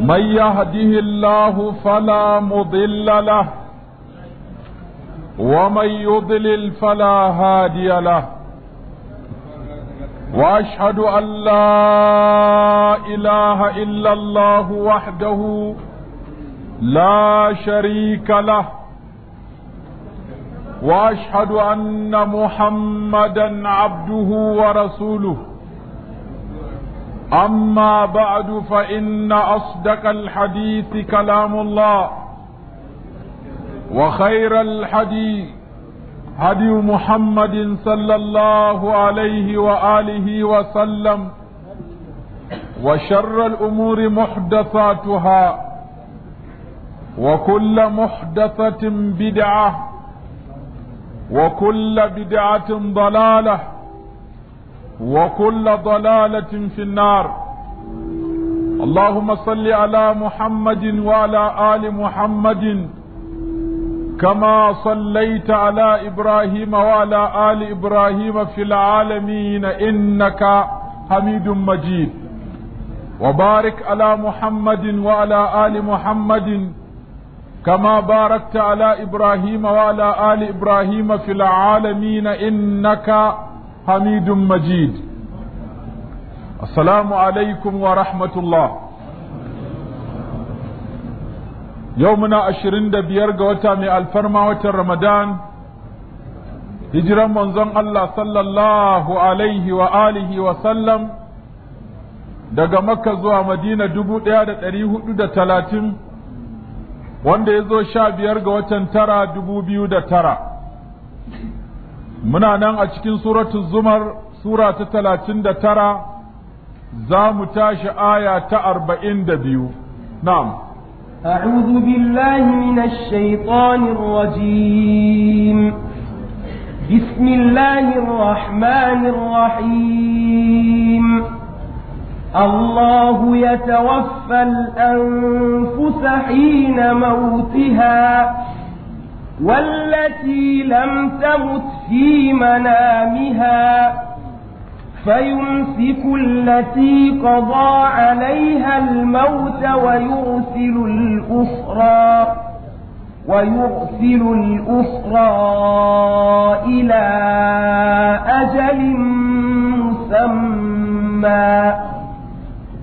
من يهده الله فلا مضل له ومن يضلل فلا هادي له واشهد ان لا اله الا الله وحده لا شريك له واشهد ان محمدا عبده ورسوله أما بعد فإن أصدق الحديث كلام الله وخير الحديث هدي محمد صلى الله عليه وآله وسلم وشر الأمور محدثاتها وكل محدثة بدعة وكل بدعة ضلالة وكل ضلالة في النار اللهم صل على محمد وعلى آل محمد كما صليت على إبراهيم وعلى آل إبراهيم في العالمين إنك حميد مجيد وبارك على محمد وعلى آل محمد كما باركت على إبراهيم وعلى آل إبراهيم في العالمين إنك حميد حميد مجيد السلام عليكم ورحمة الله يومنا عشرين دا بيرغ وتامي الفرما وتر رمضان هجرا منزن الله صلى الله عليه وآله وسلم daga makka zuwa madina dubu ɗaya da ɗari hudu da talatin wanda ya zo sha biyar ga watan tara dubu biyu da tara من أنا a سورة الزمر سورة sura ta talatin da tara za mu tashi aya ta arba'in أعوذ بالله من الشيطان الرجيم بسم الله الرحمن الرحيم الله يتوفى الأنفس حين موتها والتي لم تمت في منامها فيمسك التي قضى عليها الموت ويرسل الأخرى ويرسل الأخرى إلى أجل مسمى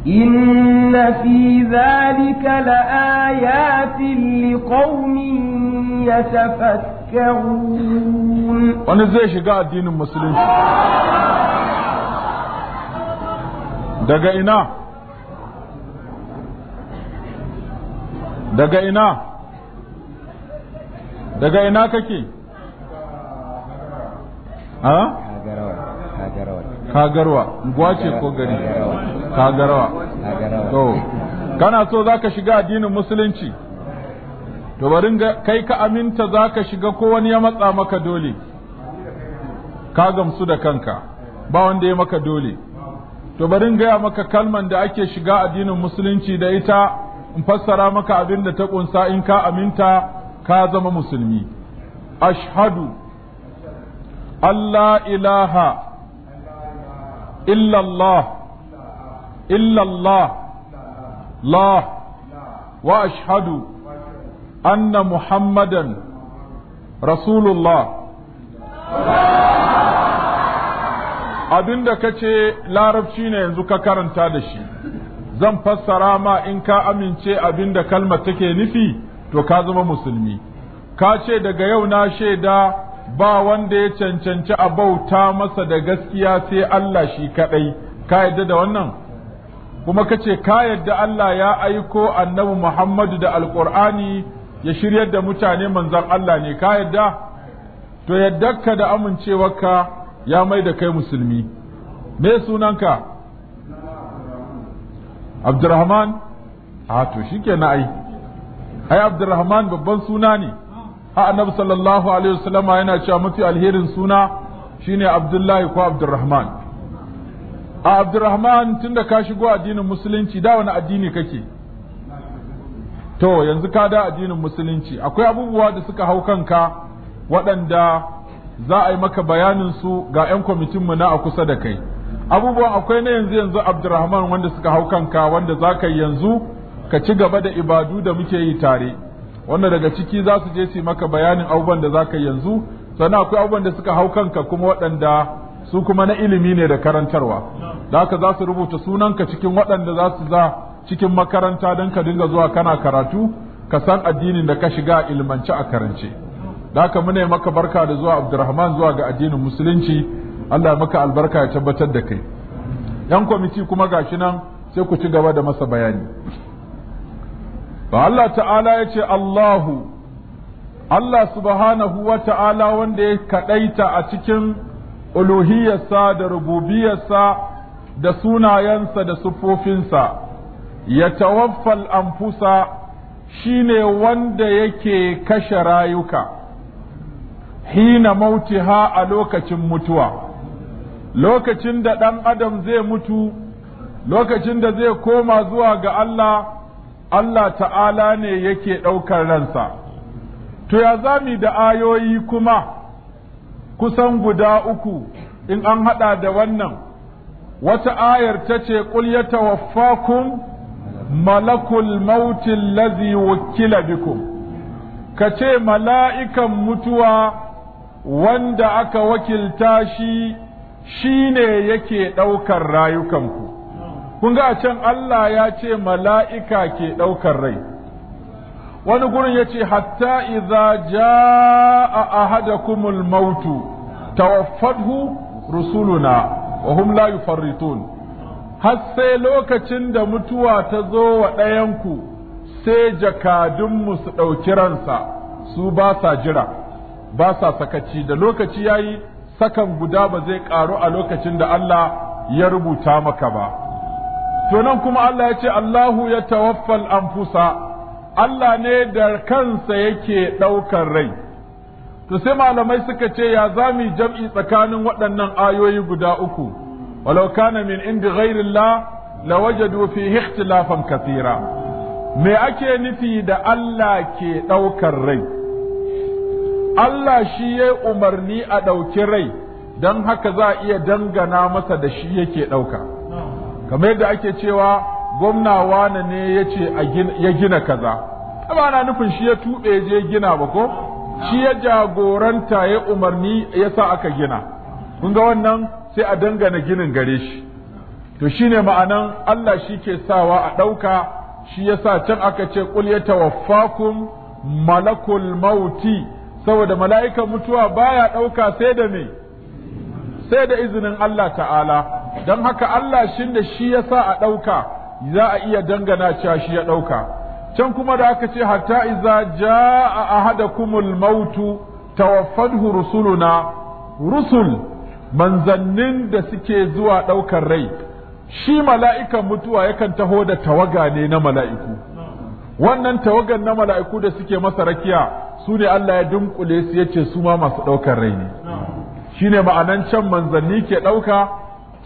إن في ذلك لآيات لقوم يتفكرون تذكرون وانا زي شقاء الدين daga ina دقائنا دقائنا ككي ها kagarwa Kagarwa. ce ko gari kagarwa to kana so zaka shiga addinin musulunci to barin kai ka aminta za ka shiga ko wani ya matsa maka dole ka gamsu da kanka ba wanda ya maka dole to bari gaya maka kalman da ake shiga addinin musulunci da ita in fassara maka abin da ta ƙunsa in ka aminta ka zama musulmi ashhadu Allah ilaha illallah illallah la wa ashhadu أن محمدا رسول الله kace larabci ne yanzu ka karanta da shi zan fassara ma in ka amince abinda da kalmar take nufi to ka zama musulmi ka ce daga yau na shaida ba wanda ya cancanci a bauta masa da gaskiya sai Allah shi kadai ka yadda da wannan kuma kace ce ka yadda Allah ya aiko annabi Muhammadu da alƙur'ani ya shiryar da mutane manzan Allah ne ka yadda to yaddarka da amincewarka ya mai da kai musulmi me sunanka Abdurrahman a to shikenan ai ai Abdurrahman babban suna ne ha annabi sallallahu alaihi wasallama yana cewa mafi alherin suna shine Abdullahi ko Abdurrahman a Abdurrahman tunda ka shigo addinin musulunci da wani addini kake to yanzu ka da addinin musulunci akwai abubuwa da suka hau kanka waɗanda za a yi maka bayanin su ga 'yan kwamitinmu na a kusa da kai abubuwan akwai na yanzu yanzu abdurrahman wanda suka hau kanka wanda za ka yanzu ka ci gaba da ibadu da muke yi tare wanda daga ciki za su je su maka bayanin abubuwan da za ka yanzu sannan akwai abubuwan da suka hau kanka kuma waɗanda su kuma na ilimi ne da karantarwa da haka za su rubuta sunanka cikin waɗanda za su za cikin makaranta don ka dinga zuwa kana karatu ka san addinin da ka shiga ilmance a karance da muna mune maka barka da zuwa abdurrahman zuwa ga addinin musulunci allah maka albarka ya tabbatar da kai yan kwamiti kuma ga shi nan sai ku ci gaba da masa bayani ba allah ta'ala ya ce allahu allah subhanahu wa ta'ala wanda ya kaɗaita a cikin uluhiyarsa da rububiyarsa da sunayensa da siffofinsa ya tawaffal anfusa shine wanda yake kashe rayuka hina ha a lokacin mutuwa lokacin da ɗan adam zai mutu lokacin da zai koma zuwa ga Allah Allah ta'ala ne yake ɗaukar ransa to ya zami da ayoyi kuma kusan guda uku in an haɗa da wannan wata ayar ta ce ƙul ya malakul mautin lazi wakila bikum ka ce mala'ikan mutuwa wanda aka wakilta shi shi ne yake ɗaukar rayukanku kun ga a can Allah ya ce mala'ika ke ɗaukar rai wani gurin ya ce hatta iza ja a kumul mautu tawaffadhu rusuluna wa hum la yufarritun har sai lokacin da mutuwa ta zo wa ɗayanku sai jakadunmu su ɗauki ransa su ba sa jira ba sa sakaci da lokaci ya yi sakan guda ba zai ƙaru a lokacin da Allah ya rubuta maka ba to nan kuma Allah ya ce Allahu ya tawaffal anfusa Allah ne da kansa yake ɗaukar rai to sai malamai suka ce ya zami jam'i tsakanin waɗannan ayoyi guda uku walau in min indi ghairillah lawajadu fihi ikhtilafan kathira me ake nufi da Allah ke ɗaukar rai Allah shi ya umarni a ɗauki rai don haka za a iya dangana masa da shi yake ɗauka kamar yadda ake cewa gwamna wane ne ya ce ya gina kaza ba na nufin shi ya tuɓe je gina ba ko shi ya jagoranta ya umarni ya sa aka gina kun ga wannan sai a dangana ginin gare shi to shine ma'anan Allah shi ke sawa a ɗauka shi yasa can aka ce qul tawaffakum malakul mauti saboda mala'ikan mutuwa baya ɗauka sai da me sai da izinin Allah ta'ala don haka Allah shin da shi ya sa a ɗauka za a iya dangana cewa shi ya ɗauka can kuma da aka ce hatta iza ja a ahadakumul mautu tawaffadhu rusuluna rusul manzannin da suke zuwa ɗaukar rai shi mala'ikan mutuwa yakan taho da tawaga ne na mala'iku wannan tawagan na mala'iku da suke masa rakiya su ne Allah ya dunkule su yace su ma masu ɗaukar rai ne shine ma'anan can manzanni ke ɗauka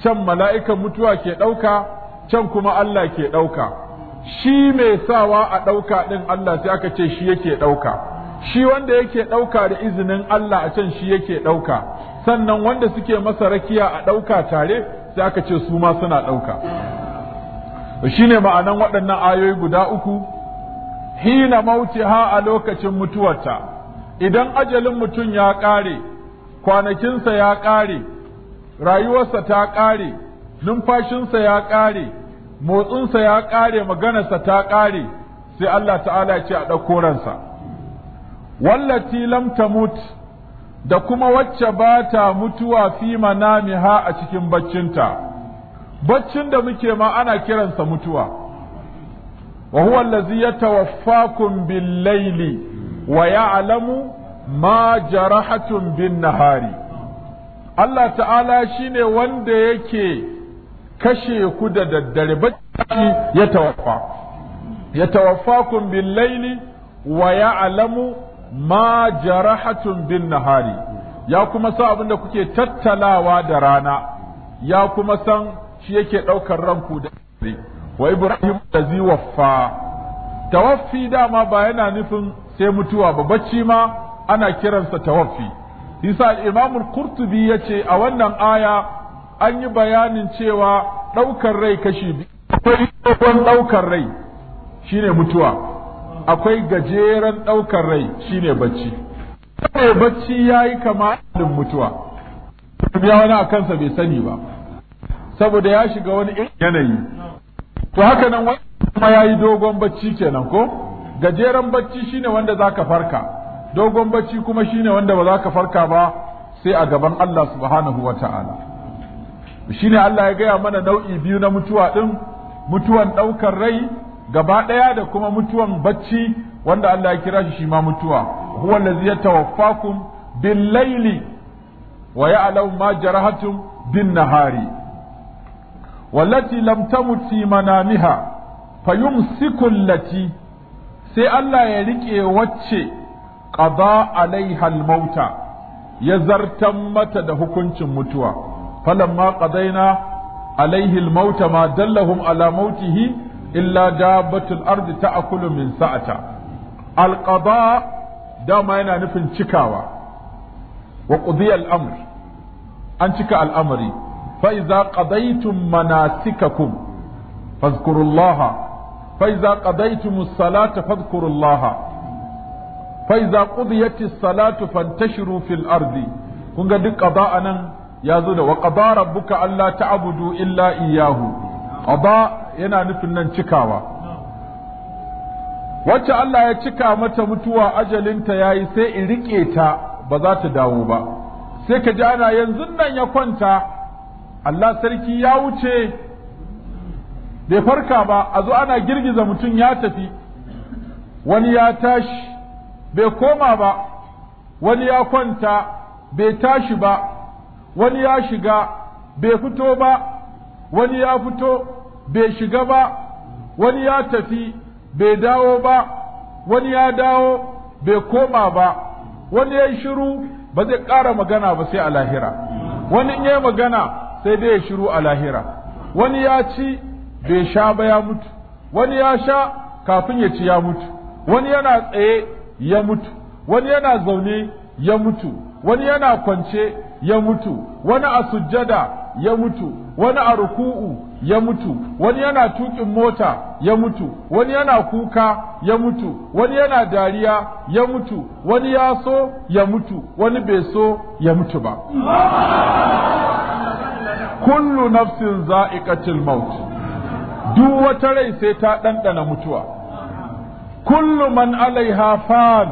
can mala'ikan mutuwa ke ɗauka can kuma Allah ke ɗauka shi mai sawa a ɗauka ɗin Allah sai aka ce shi yake ɗauka shi wanda yake ɗauka da izinin Allah a can shi yake ɗauka sannan wanda suke masa rakiya a ɗauka tare sai aka ce su ma suna ɗauka ne ma'anan waɗannan ayoyi guda uku hina ha a lokacin mutuwarta idan ajalin mutum ya ƙare kwanakinsa ya ƙare rayuwarsa ta ƙare numfashinsa ya ƙare motsinsa ya ƙare maganarsa ta ƙare sai Allah ta'ala ce a ɗauko ransa wallati lam tamut da kuma wacce ba ta mutuwa fi manamiha a cikin baccinta baccin da muke ma ana kiransa mutuwa wa huwa allazi yatawaffakum bil laili wa ya'lamu ma jarahatun bin nahari Allah ta'ala shine wanda yake kashe ku da daddare bacci ya tawaffa ya bil laili wa ya'lamu ma jarahatun bin nahari ya kuma sa abin da kuke tattalawa da rana ya kuma san shi yake ɗaukar ranku da wa ibrahim allazi waffa tawaffi dama ba yana nufin sai mutuwa ba bacci ma ana kiransa tawaffi isa imam al-qurtubi yace a wannan aya an yi bayanin cewa ɗaukar rai kashi biyu akwai ɗaukar rai shine mutuwa akwai gajeren ɗaukar rai shine bacci kawai bacci ya yi kama mutuwa ya wani a kansa bai sani ba saboda ya shiga wani yanayi to haka nan kuma ya yi dogon bacci kenan ko gajeren bacci shine wanda za ka farka dogon bacci kuma shine wanda ba za ka farka ba sai a gaban Allah subhanahu wa ta'ala shine Allah ya gaya mana nau'i biyu na mutuwa ɗin mutuwan ɗaukar rai gaba ɗaya da kuma mutuwan bacci wanda Allah ya kira shi shi ma mutuwa huwa allazi yatawaffakum bil laili wa ya'lamu ma jarahatum bin nahari wallati lam tamut fi manamiha fayumsiku allati sai Allah ya rike wacce qada alaiha al-mauta ya zartan mata da hukuncin mutuwa falamma qadaina alaihi al-mauta ma dallahum ala mautihi illa dabbatul ardi ta'kulu min sa'ata alqada dama yana nufin cikawa wa qudiya al an cika al'amari fa idza qadaytum manasikakum fadhkurullaha fa idza qadaytumus salata fadhkurullaha fa idza qudiyatis salatu fantashiru fil arzi. kun ga duk a nan ya zo da wa qada Allah ta abudu illa iyyahu qada yana nufin nan cikawa wacce Allah ya cika mata mutuwa ajalinta ya yi sai in riƙe ta ba za ta dawo ba sai ka ji ana yanzu nan ya kwanta Allah sarki ya wuce bai farka ba a zo ana girgiza mutum ya tafi wani ya tashi bai koma ba wani ya kwanta bai tashi ba wani ya shiga bai fito ba wani ya fito bai shiga ba wani ya tafi bai dawo ba wani ya dawo bai koma ba wani ya shiru ba zai ƙara magana ba sai a lahira wani ya magana sai dai ya shiru a lahira wani ya ci bai sha ba ya mutu wani ya sha kafin ya ci ya mutu wani yana tsaye ya mutu wani yana zaune ya mutu wani yana kwance ya mutu wani a sujjada ya mutu wani a ruku'u ya mutu wani yana tukin mota ya mutu wani yana kuka ya mutu wani yana dariya ya mutu wani ya so ya mutu wani bai so ya mutu ba kullu nafsin za'iqatil maut duk wata rai sai ta ɗanɗana mutuwa kullu man alaiha fan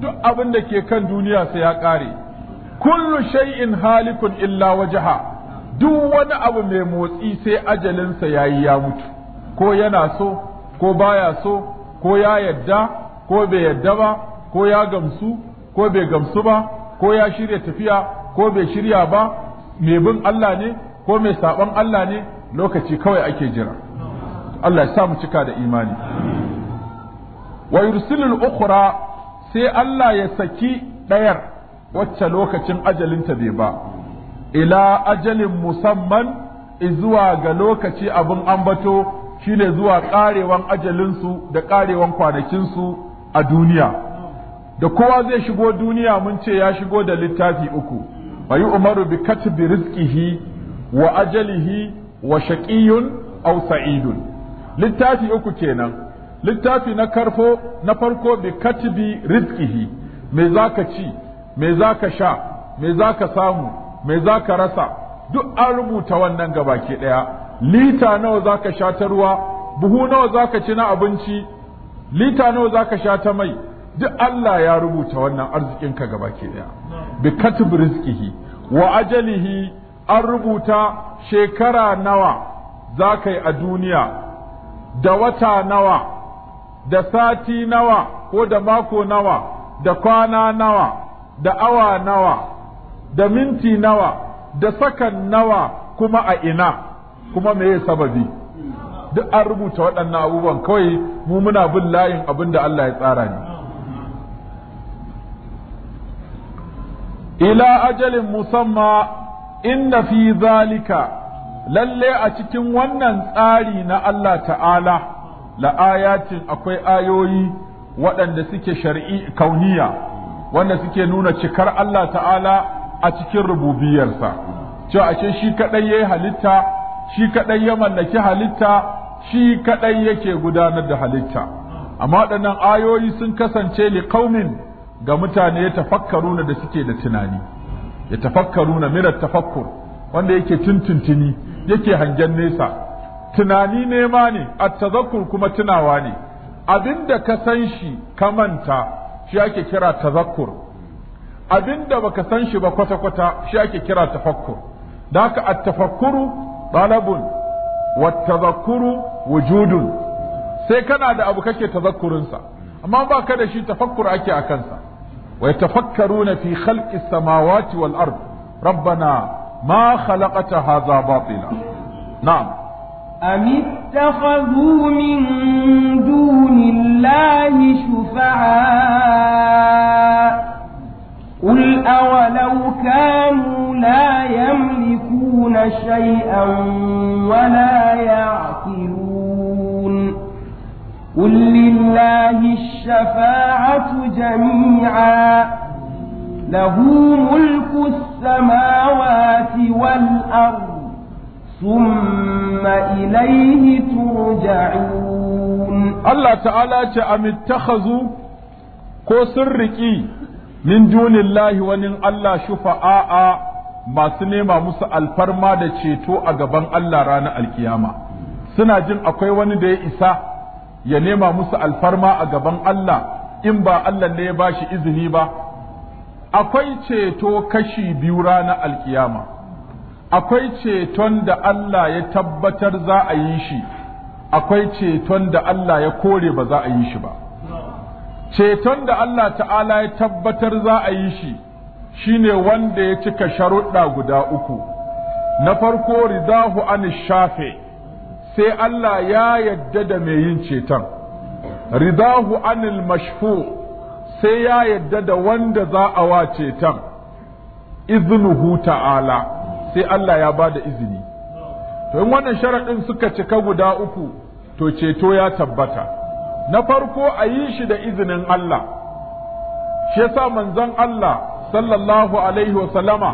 duk abin da ke kan duniya sai ya ƙare kullu shay'in halikun illa wajaha. duk wani abu mai motsi sai ajalinsa ya yi ya mutu ko yana so ko baya so ko ya yadda ko bai yadda ba ko ya gamsu ko bai gamsu ba ko ya shirya tafiya ko bai shirya ba mai bin Allah ne ko mai saɓan Allah ne lokaci kawai ake jira Allah ya sa mu cika da imani wa yursilul ukhra sai Allah ya saki ɗayar wacce lokacin ajalinta bai ba ila ajalin musamman zuwa ga lokaci abin ambato shine zuwa karewan ajalinsu da karewan kwanakinsu a duniya da kowa zai shigo duniya mun ce ya shigo da littafi uku bayi umaru bi katbi rizqihi wa ajalihi wa shaqiyun aw sa'idun littafi uku kenan littafi na karfo na farko bi katbi rizqihi me zaka ci me zaka sha me zaka samu Mai za ka rasa duk an rubuta wannan gaba gabaki ɗaya lita nawa za ka sha ta ruwa buhu nawa za ka ci na abinci lita nawa za ka sha ta mai duk Allah ya rubuta wannan arzikinka gabaki ɗaya bi katib rizqihi wa ajalihi an rubuta shekara nawa za ka yi a duniya da wata nawa da sati nawa ko da mako nawa da kwana nawa da awa nawa da minti nawa da sakan nawa kuma a ina kuma me sababi duk an rubuta waɗannan abubuwan kawai mu muna bin layin abin da Allah ya tsara ni. ila ajalin musamma inna fi zalika lalle a cikin wannan tsari na Allah ta'ala la'ayatin akwai ayoyi waɗanda suke shar'i kauniya wanda suke nuna cikar Allah ta'ala a cikin rububiyarsa cewa ashe shi kadai yayi halitta shi kaɗai ya mallaki halitta shi kadai yake gudanar da halitta amma waɗannan ayoyi sun kasance kaumin ga mutane ya tafakkaruna da suke da tunani ya tafakkaruna mira tafakkur wanda yake tuntuntuni yake hangen nesa tunani nema ne a tazakkur kuma tunawa ne abinda ka san shi ka manta shi ake kira tazakkur abinda baka san shi ba kwata-kwata shi ake kira tafakkur da haka at-tafakkuru talabun wa wujudun sai kana da abu kake tazakkurinsa amma ba ka da shi tafakkur ake a kansa Wai tafakkaru na fi khalqis samawati wal ard rabbana ma khalaqta hadha batila na'am أم اتخذوا من دون الله قل أولو كانوا لا يملكون شيئا ولا يعقلون قل لله الشفاعة جميعا له ملك السماوات والأرض ثم إليه ترجعون الله تعالى أم اتخذوا ko sun min dunillahi wani Allah shufa'a masu nema musu alfarma da ceto a gaban Allah ranar alkiyama suna jin akwai wani da ya isa ya nema musu alfarma a gaban Allah in ba Allah ne ya bashi izini ba akwai ceto kashi biyu ranar alkiyama akwai ceton da Allah ya tabbatar za a yi shi akwai ceton da Allah ya kore ba za a yi shi ba ceton da Allah ta'ala ya tabbatar za a yi shi shine wanda ya cika sharuɗa guda uku na farko ridahu an shafe sai Allah ya yadda da mai yin ceton ridahu anil mashfu sai ya yadda da wanda za a wa ceton iznuhu ta'ala sai Allah ya ba da izini to in wannan sharaɗin suka cika guda uku to ceto ya tabbata na farko a yi shi da izinin Allah shi yasa manzon Allah sallallahu alaihi wasallama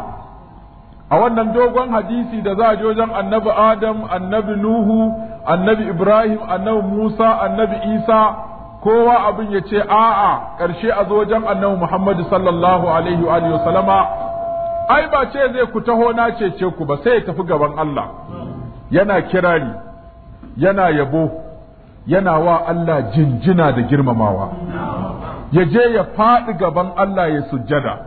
a wannan dogon hadisi da za a je wajen annabi Adam annabi Nuhu annabi Ibrahim annabi Musa annabi Isa kowa abin ya ce a'a ƙarshe a zojen wajen annabi Muhammadu sallallahu alaihi ai ba ce zai ku taho na ce ku ba sai ya tafi gaban Allah yana kirari yana yabo yana wa Allah jinjina da girmamawa ya je ya faɗi gaban Allah ya sujjada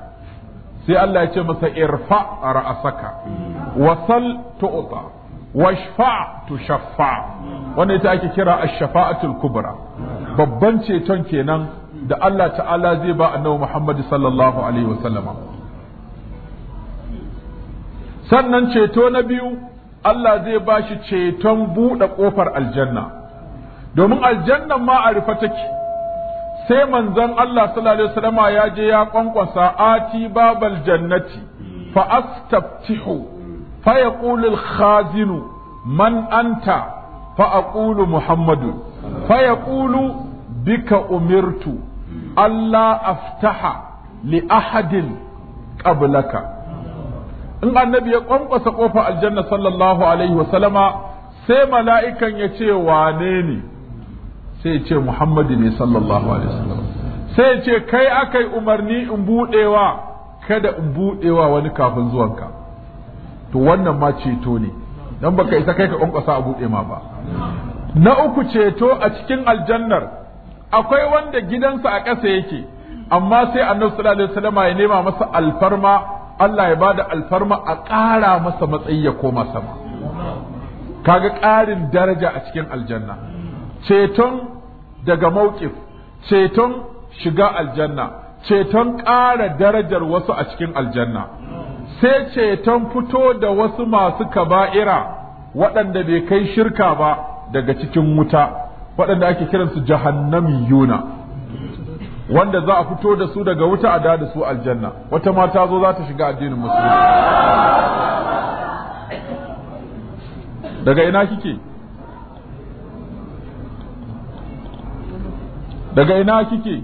sai Allah ya ce masa irfa ra'asaka wasal tu'ta washfa shaffa wanda ita ake kira ash-shafa'atul kubra babban ceton kenan da Allah ta'ala zai ba annabi Muhammad sallallahu alaihi wasallama sannan ceto na biyu Allah zai ba shi ceton buɗe ƙofar aljanna domin aljannan ma a rufe take sai manzon Allah sallallahu alaihi ya je ya kwankwasa ati babal jannati fa astaftihu fa yaqulu al-khazinu man anta fa aqulu muhammadu fa yaqulu bika umirtu Allah aftaha li ahadin qablaka in annabi ya kwankwasa kofar aljanna sallallahu alaihi wasallama sai mala'ikan ya ce wane ne sai ya ce muhammadu ne sallallahu alaihi wasallam sai ce kai aka yi umarni in buɗewa kada in buɗewa wani kafin zuwanka to wannan ma ceto ne don baka isa kai ka kwankwasa a buɗe ma ba na uku ceto a cikin aljannar akwai wanda gidansa a ƙasa yake amma sai annabi sallallahu alaihi wasallam ya nema masa alfarma Allah ya bada alfarma a ƙara masa matsayi ya koma sama kaga ƙarin daraja a cikin aljanna ceton daga mauƙif ceton shiga aljanna ceton ƙara darajar wasu a cikin aljanna sai ceton fito da wasu masu kaba'ira waɗanda bai kai shirka ba daga cikin wuta waɗanda ake kiransu jahannami yuna wanda za a fito da su daga wuta a da su aljanna wata mata zo za ta shiga addinin musulunci daga ina kike daga ina kike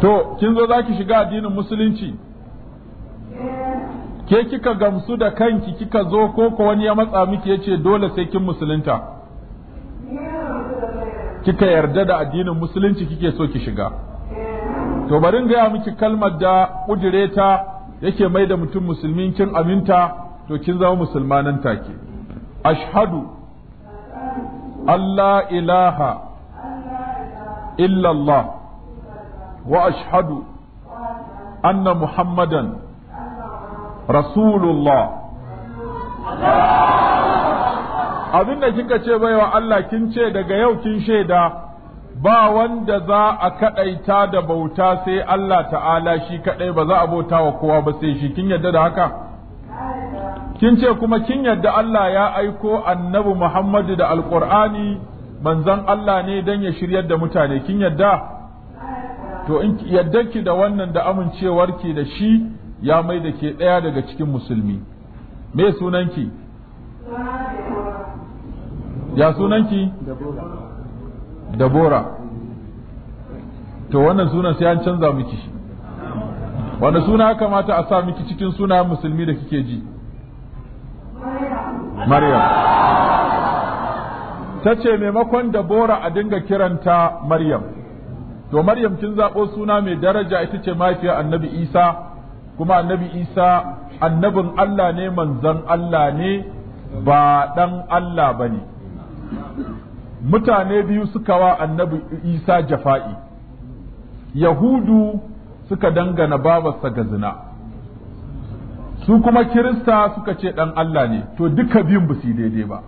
to kin zo za ki shiga addinin musulunci ke kika gamsu da kanki kika zo ko ko wani ya matsa miki ya ce dole sai kin musulunta kika yarda da addinin musulunci kike so ki shiga to bari gaya miki kalmar da ƙudire yake mai da mutum musulmin kin aminta to kin zama musulmanan take ashhadu الله إله إلا الله وأشهد أن محمدا abin da kika ce baiwa Allah kin ce daga yau kin shaida ba wanda za a kaɗaita da bauta sai Allah ta'ala shi kaɗai ba za a bauta wa kowa ba sai shi kin yarda da haka kin ce kuma kin yadda Allah ya aiko annabi Muhammadu da alƙur'ani manzon Allah ne don ya shiryar da mutane kin yadda to in yaddanki da wannan da amincewarki da shi ya mai da ke ɗaya daga cikin musulmi me sunanki ya sunanki dabora to wannan sunan sai an canza miki shi wani suna kamata a sa miki cikin sunayen musulmi da kike ji Maryam ta ce maimakon da bora a dinga kiranta Maryam to Maryam kin zaɓo suna mai daraja ita ce mafiya annabi Isa kuma annabi Isa annabin Allah ne manzon Allah ne ba ɗan Allah bane, mutane biyu suka wa annabi Isa jafa'i Yahudu suka dangana babarsa ga zina su kuma kirista suka ce ɗan Allah ne to duka biyun ba su daidai ba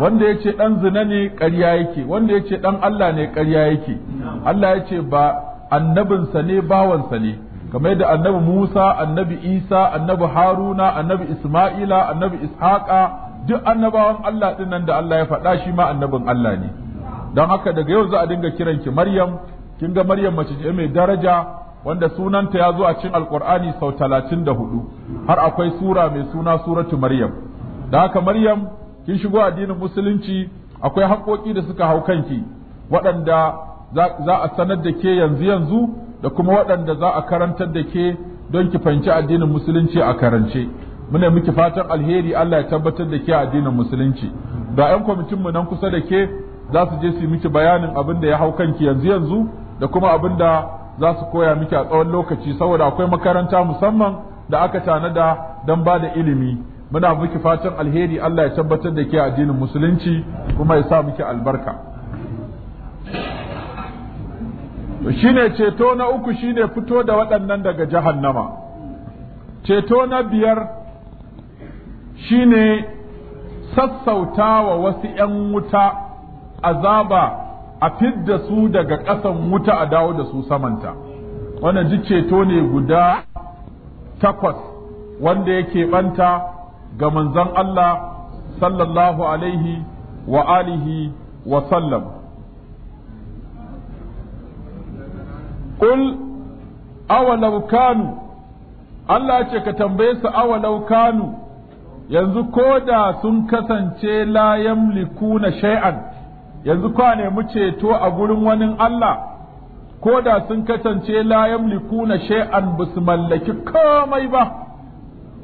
wanda yace ce ɗan zina ne ƙarya yake wanda yace ce ɗan Allah ne ƙarya yake Allah ya ce ba annabinsa ne bawansa ne kamar yadda annabi Musa annabi Isa annabi Haruna annabi Isma'ila annabi Ishaqa duk annabawan Allah ɗin nan da Allah ya faɗa shi ma annabin Allah ne don haka daga yau za a dinga kiranki Maryam kin ga Maryam mace ce mai daraja wanda sunanta ya zo a cikin alkur'ani sau talatin da hudu har akwai sura mai suna suratu maryam da haka maryam kin shigo addinin musulunci akwai haƙoƙi da suka hau kanki waɗanda za a sanar da ke yanzu yanzu da kuma waɗanda za a karantar da ke don ki fahimci addinin musulunci a karance muna miki fatan alheri Allah ya tabbatar da ke addinin musulunci da 'yan kwamitin mu nan kusa da ke za su je su miki bayanin abin da ya hau kanki yanzu yanzu da kuma abin da za su koya miki a tsawon lokaci saboda akwai makaranta musamman da aka tanada don ba da ilimi muna miki fatan alheri Allah ya tabbatar da ke addinin musulunci kuma ya sa miki albarka shine ceto na uku shine fito da waɗannan daga jahannama ceto na biyar shine sassauta wa wasu ‘yan wuta azaba a fidda su daga ƙasan wuta a dawo da su samanta wannan ji ceto ne guda takwas wanda yake banta ga manzon Allah sallallahu alaihi wa alihi wa sallam awalau kanu Allah ce ka tambaye su awalau kanu yanzu ko da sun kasance la yamlikuna shai'an. yanzu kwa mu ceto a gurin wani Allah ko da sun kasance la na shay'an basu mallaki komai ba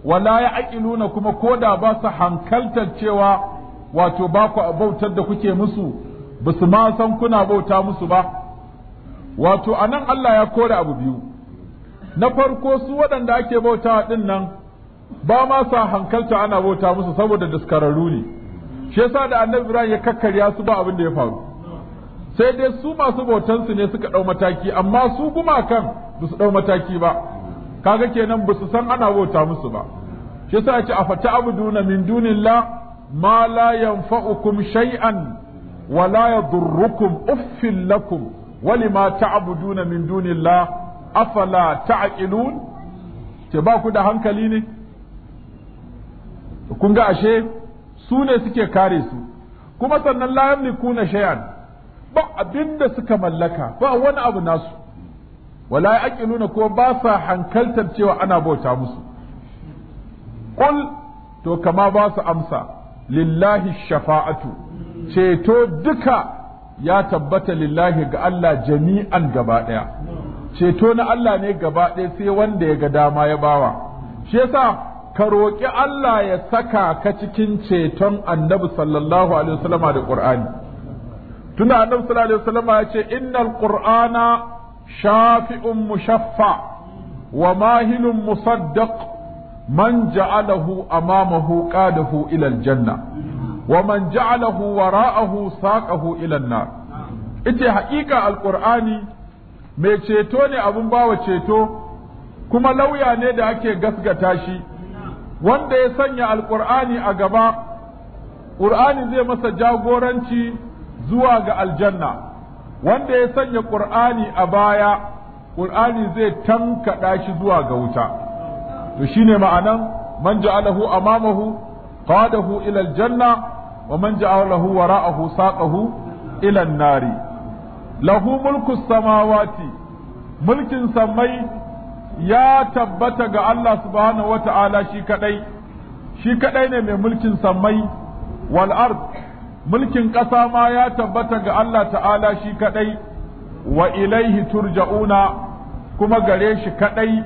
wala ya nuna kuma ko da ba su hankaltar cewa wato ba ku bautar da kuke musu su ma san kuna bauta musu ba wato anan Allah ya kore abu biyu na farko su waɗanda ake bauta din nan ba ma sa hankalta ana bauta musu saboda daskararru ne shi yasa da annabi Ibrahim ya kakkarya su ba abin da ya faru sai dai su masu su ne suka ɗau mataki amma su gumakan ba su ɗau mataki ba kaga kenan ba su san ana bauta musu ba shi yasa ya ce a fata abuduna min dunillah ma la yanfa'ukum shay'an wa la yadurrukum uffin lakum wa lima ta'buduna min dunillah afala ta'qilun ce ba ku da hankali ne kun ga ashe su ne suke kare su kuma sannan la na shay'an ba abinda suka mallaka ba wani abu nasu wala nuna ko ba sa hankaltar cewa ana bauta musu kul to kama ba su amsa lillahi shafa'atu ceto duka ya tabbata lillahi ga Allah jami'an gaba daya ceto na Allah ne gaba ɗaya sai wanda ya ga dama ya bawa shi yasa ka roƙi Allah ya saka ka cikin ceton annabi sallallahu alaihi wasallama da Qur'ani tunda annabi sallallahu alaihi wasallama ya ce innal qur'ana shafi'un mushaffa wa mahilun musaddaq man ja'alahu amamahu qadahu ila aljanna wa man ja'alahu wara'ahu saqahu ila annar ite haƙiƙa alqur'ani mai ceto ne abun bawa ceto kuma lauya ne da ake gasgata shi wanda ya sanya alƙur'ani a gaba ƙur'ani zai masa jagoranci zuwa ga aljanna wanda ya sanya ƙur'ani a baya ƙur'ani zai tankaɗa shi zuwa ga wuta to shine ma'anan man ja'alahu amamahu qadahu ila aljanna wa man ja'alahu wara'ahu saqahu ila an-nari lahu mulku samawati mulkin samai ya tabbata ga Allah subhanahu ta’ala shi kadai shi kadai ne mai mulkin sammai wal mulkin ƙasa ma ya tabbata ga Allah ta'ala shi kadai wa ilaihi turja'una kuma gare shi kadai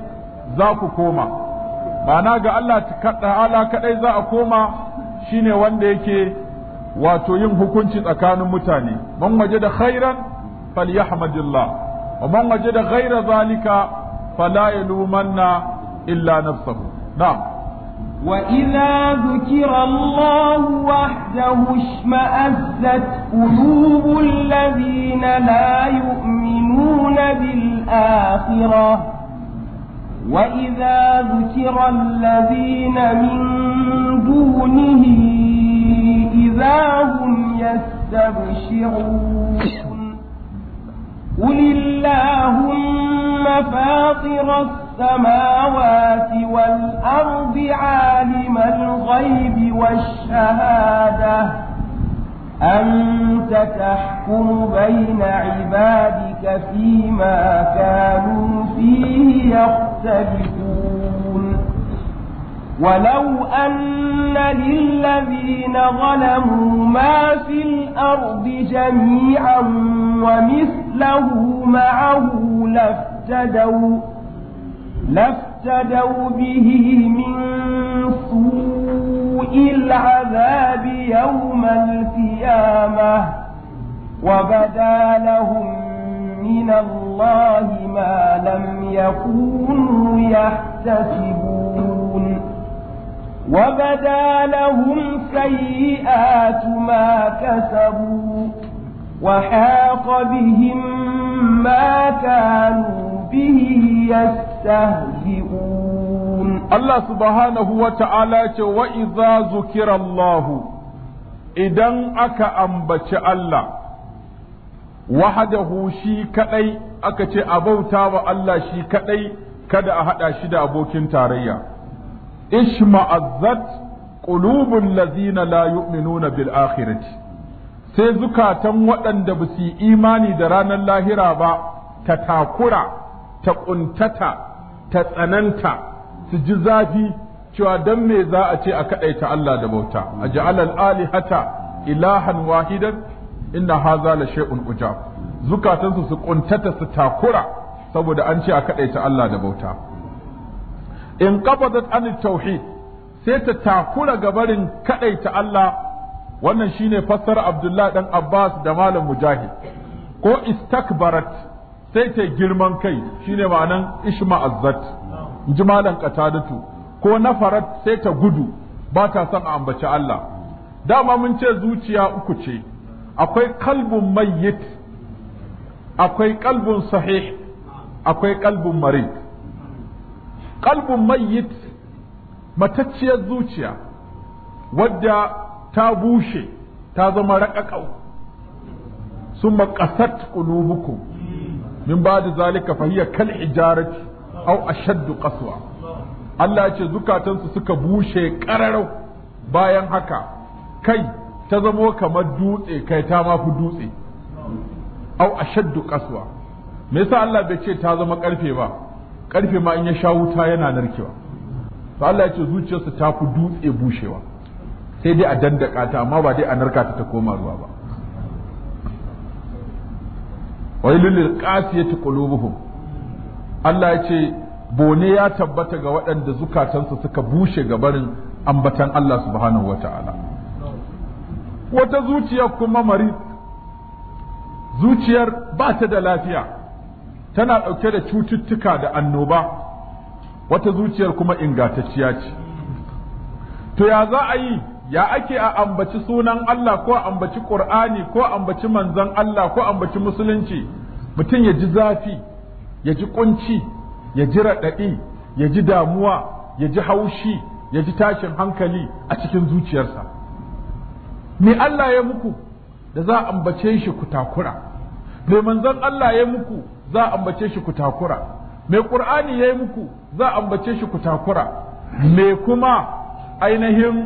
za ku koma ma'ana ga Allah ta'ala kadai za a koma shine wanda yake wato yin hukunci tsakanin mutane man waje da khairan falyahmadillah wa man waje da ghaira zalika فلا يلومن إلا نفسه نعم وإذا ذكر الله وحده اشمأزت قلوب الذين لا يؤمنون بالآخرة وإذا ذكر الذين من دونه إذا هم يستبشرون قل اللهم فاطر السماوات والأرض عالم الغيب والشهادة أنت تحكم بين عبادك فيما كانوا فيه يختلفون ولو أن للذين ظلموا ما في الأرض جميعا ومثله معه لافتدوا لافتدوا به من سوء العذاب يوم القيامة وبدا لهم من الله ما لم يكونوا يحتسبون وبدا لهم سيئات ما كسبوا وحاق بهم ما كانوا به يستهزئون الله سبحانه وتعالى وإذا ذكر الله إذا أكا أنبت الله وحده شي كأي أكا أبوتا وألا شي كأي kada a haɗa shi da abokin tarayya ishma'azzat qulubul ladina la yu'minuna bil akhirati sai zukatan waɗanda ba su imani da ranar lahira ba ta takura ta ƙuntata ta tsananta su ji zafi cewa dan me za a ce a kaɗaita Allah da bauta a ja'alal alihata ilahan wahidan inna haza la shay'un ujab zukatansu su ƙuntata su takura saboda an ce a kaɗaita Allah da bauta in qabadat an tauhid sai ta takura gabarin kadaita Allah wannan shine fassara Abdullah dan Abbas da Malam Mujahid ko istakbarat sai ta girman kai shine ma'anan ishma'azzat inji Malam katadatu. ko nafarat sai ta gudu ba ta son a ambaci Allah dama mun ce zuciya uku ce akwai kalbun mayyit akwai kalbun sahih akwai kalbun marid Kalbin mayyit matacciyar zuciya wadda ta bushe ta zama raƙaƙau sun maƙasat ƙulubukum min ba da zalika fahiya kal ijarati au ashaddu qaswa Allah ya ce zukatansu suka bushe ƙararau bayan haka kai ta zamo kamar dutse kai ta ma dutse au ashaddu qaswa me yasa Allah bai ce ta zama ƙarfe ba karfe ma in ya sha wuta yana narkewa to Allah ya ce zuciyarsa ta fi dutse bushewa sai dai a dandaka ta amma ba dai a narka ta ta koma ruwa ba wailul lil qasiyati qulubuhum Allah ya ce bone ya tabbata ga waɗanda zukatansu suka bushe gabarin ambatan Allah subhanahu wata'ala wata zuciya kuma mari zuciyar ba ta da lafiya tana ɗauke da cututtuka da annoba wata zuciyar kuma ingantacciya ce to ya za a yi ya ake a ambaci sunan Allah ko ambaci Qur'ani ko ambaci manzon Allah ko ambaci musulunci mutum ya ji zafi ya ji kunci ya ji raɗaɗi ya ji damuwa ya ji haushi ya ji tashin hankali a cikin zuciyarsa me Allah ya muku da za a ambace shi ku takura me manzon Allah ya muku za a ambace shi ku takura mai qur'ani yayi muku za a ambace shi ku takura mai kuma ainihin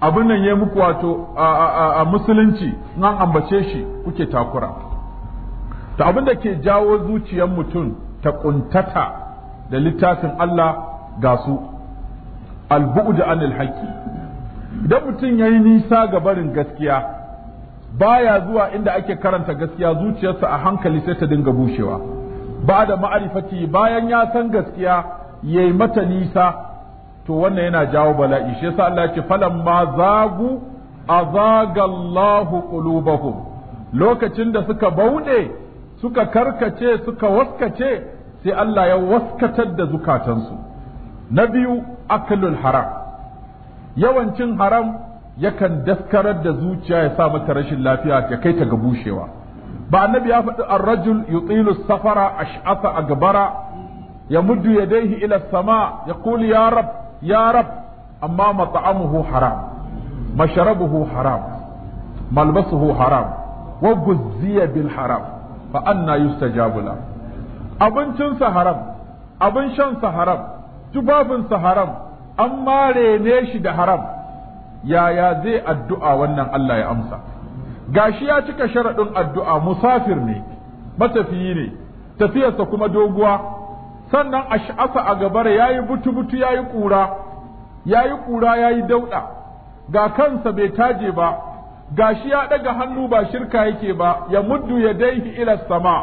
abin nan yayi muku wato a musulunci nan ambace shi kuke takura to abin da ke jawo zuciyar mutum ta ƙuntata da littafin Allah ga su albu'udu anil haqqi idan mutum yayi nisa ga barin gaskiya baya zuwa inda ake karanta gaskiya zuciyarsa a hankali sai ta dinga bushewa ba da ma'arifati bayan ya san gaskiya yayi mata nisa to wannan yana jawo bala'i shi yasa Allah ce ce ma zagu zagallahu qulubahum lokacin da suka bauɗe suka karkace suka waskace sai Allah ya waskatar da zukatansu na biyu aklul haram yawancin haram yakan daskarar da zuciya ya sa mata rashin lafiya ya kai ta ga bushewa ba annabi ya faɗi ar-rajul yutilu safara a gabara ya muddu daihi ila sama ya kuli ya rab ya rab amma mat'amuhu haram masharabuhu haram malbasuhu haram wa guzziya bil haram fa anna yustajabu la abincinsa haram abin shansa haram tubabinsa haram an mare ne shi da haram yaya zai addu'a wannan Allah ya amsa gashi ya cika sharaɗin addu'a musafir ne matafiyi ne tafiyarsa kuma doguwa sannan a sha'asa a gabar yayi butu-butu yayi ƙura yayi ƙura yayi dauɗa ga kansa bai taje ba gashi ya ɗaga hannu ba shirka yake ba ya muddu ya daihi ila sama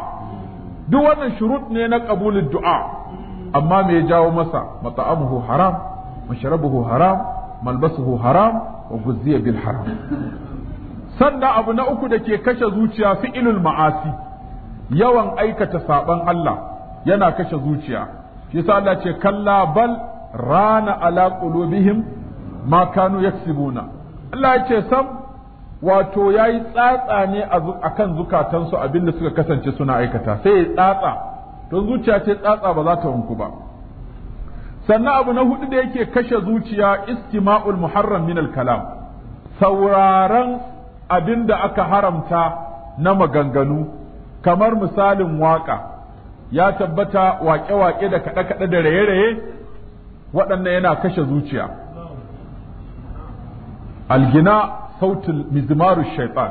duk wannan shurut ne na ƙabulin du'a amma me ya jawo masa mata'amuhu haram mashrabuhu haram malbasuhu haram wa guzziya bil haram sannan abu na uku da ke kashe zuciya fi'ilul ma'asi yawan aikata saban Allah yana kashe zuciya yasa Allah ce kalla bal rana ala qulubihim ma kanu yaksibuna Allah ce sam wato yayi tsatsa ne akan zukatansu abin da suka kasance suna aikata sai ya tsatsa don zuciya ce tsatsa ba za ta wanku ba sannan abu na hudu da yake kashe zuciya istima'ul muharram min al kalam sauraron abin da aka haramta na maganganu kamar misalin waƙa ya tabbata waƙe-waƙe da kaɗe-kaɗe da raye-raye waɗannan yana kashe zuciya algina sautin mizmaru shaitan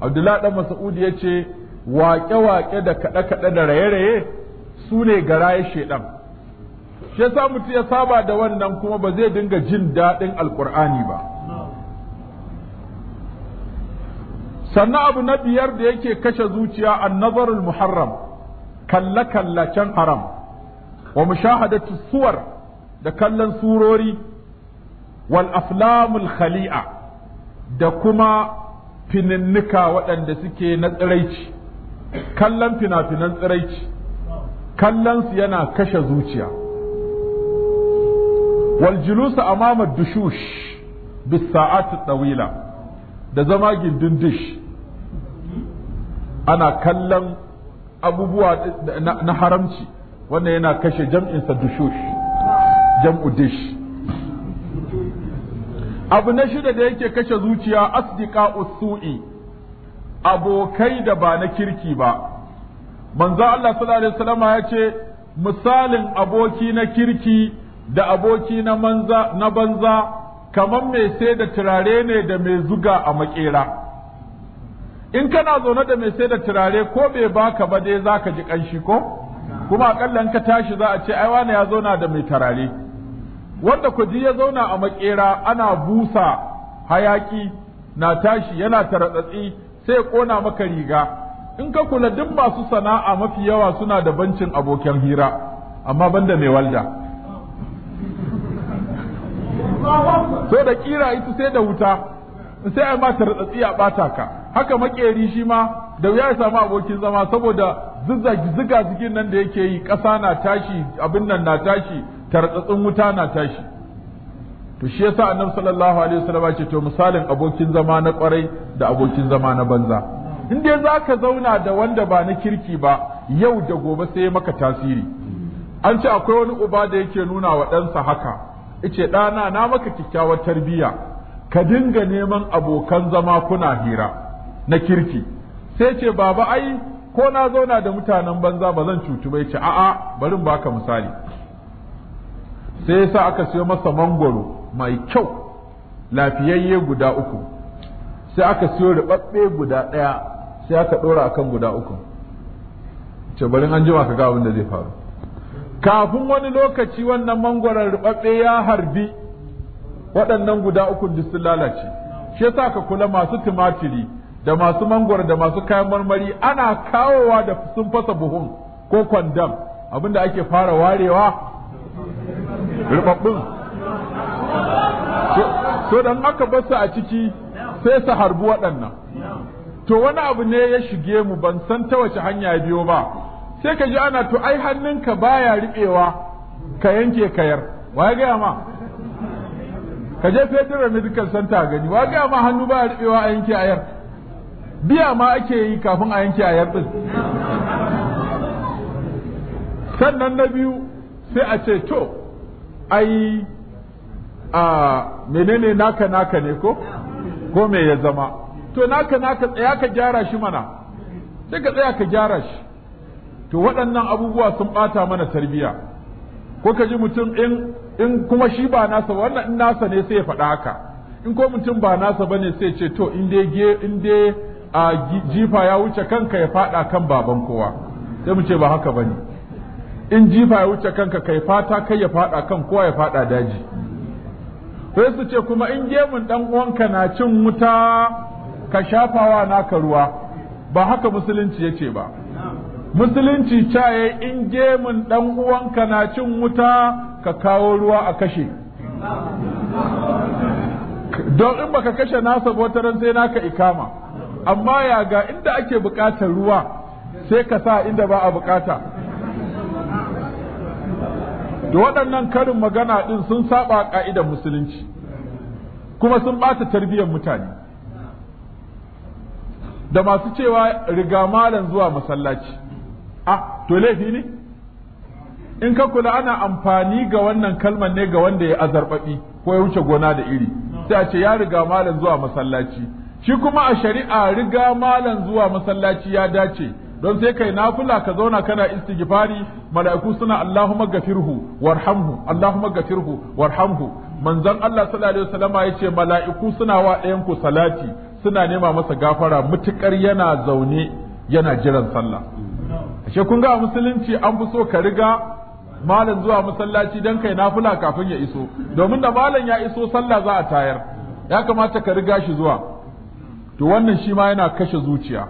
abdullahi ɗan mas'ud ya ce waƙe-waƙe da kaɗe-kaɗe da raye-raye su ne garaye shaiɗan shi yasa mutum ya saba da wannan kuma ba zai dinga jin daɗin alƙur'ani ba sannan abu na biyar da yake kashe zuciya annazarul muharram kalle kallacen haram wa mushahadatu suwar da kallon surori wal aflamul khali'a da kuma fininnika waɗanda suke na tsiraici kallon fina-finan tsiraici kallonsu yana kashe zuciya wal julusu amama dushush bis sa'atu da zama gindin ana kallon abubuwa na haramci wannan yana kashe jam'insa dushush jam'u dish abu na shida da yake kashe zuciya asdiqa usu'i abokai da ba na kirki ba manzo Allah sallallahu alaihi wasallam ya ce misalin aboki na kirki da aboki na manza na banza kamar mai sai da turare ne da mai zuga a makera in kana zaune da mai sai da turare ko bai baka ba dai zaka ji ƙanshi ko kuma aƙalla ka tashi za a ce ai wani ya zauna da mai turare wanda ku ji ya zauna a makera ana busa hayaki na tashi yana taratsatsi sai ya ƙona maka riga in ka kula duk masu sana'a mafi yawa suna da bancin abokin hira amma banda mai walda so da kira ita sai da wuta sai a mata ratsatsi a bata ka haka makeri shi ma da wuya ya samu abokin zama saboda ziga jikin nan da yake yi ƙasa na tashi abin nan na tashi tartsatsin wuta na tashi to shi yasa annabi sallallahu alaihi wasallam ce to misalin abokin zama na kwarai da abokin zama na banza in dai ka zauna da wanda ba na kirki ba yau da gobe sai maka tasiri an ce akwai wani uba da yake nuna wa ɗansa haka Ice ɗana na maka kyakkyawar tarbiyya ka dinga neman abokan zama kuna hira na kirki sai ce baba ai ko na zauna da mutanen banza ba zan cutu bai ce a'a bari in baka misali sai yasa aka siyo masa mangoro mai kyau lafiyayye guda uku sai aka siyo riɓaɓɓe guda ɗaya sai aka ɗora akan guda uku ce bari an jima ka ga abin da zai faru kafin wani lokaci wannan mangoron riɓaɓɓe ya harbi waɗannan guda uku duk sun lalace shi yasa ka kula masu tumatiri da masu mangwaro da masu kayan marmari ana kawowa da sun fasa buhun ko kwandam abinda ake fara warewa rubabbun To dan aka su a ciki sai su harbi waɗannan to wani abu ne ya shige mu ban san ta wace hanya biyo ba sai ka ji ana to ai hannunka baya riɓewa ka yanke kayar ya gaya ma ka je na dukkan santa gani wa ga ma hannu ba riɓewa a yanke ayar biya ma ake yi kafin a yanke ayar din sannan na biyu sai a ce to ai a menene naka naka ne ko ko me ya zama to naka naka tsaya ka gyara shi mana sai ka tsaya ka gyara shi to waɗannan abubuwa sun ɓata mana tarbiyya ko ka ji mutum in in kuma shi ba nasa wannan in nasa ne sai ya faɗa haka in ko mutum ba nasa bane sai ce to in dai ge in dai a jifa ya wuce kanka ya faɗa kan baban kowa sai mu ce ba haka bane in jifa ya wuce kanka kai fata kai ya faɗa kan kowa ya faɗa daji sai su ce kuma in gemun dan uwanka na cin wuta ka shafawa naka ruwa ba haka musulunci yace ba musulunci caye in gemun dan uwanka na cin wuta ka kawo ruwa a kashe don in baka kashe nasa wata ran sai naka ikama amma ya ga inda ake bukatar ruwa sai ka sa inda ba a bukata da waɗannan karin magana ɗin sun saba ƙa'idar musulunci kuma sun ɓata tarbiyyar mutane da masu cewa riga malam zuwa masallaci ah to laifi ne in ka kula ana amfani ga wannan kalmar ne ga wanda ya azarbabi ko ya wuce gona da iri sai a ce ya riga malam zuwa masallaci shi kuma a shari'a riga malam zuwa masallaci ya dace don sai kai nafila ka zauna kana istighfari mala'iku suna Allahumma gafirhu warhamhu Allahumma gafirhu warhamhu manzon Allah sallallahu alaihi wasallama yace mala'iku suna wa ɗayan ku salati suna nema masa gafara mutukar yana zaune yana jiran sallah ashe kun ga musulunci an fi so ka riga malam zuwa masallaci dan kai nafula kafin ya iso domin da malam ya iso sallah za a tayar ya kamata ka riga shi zuwa to wannan shi ma yana kashe zuciya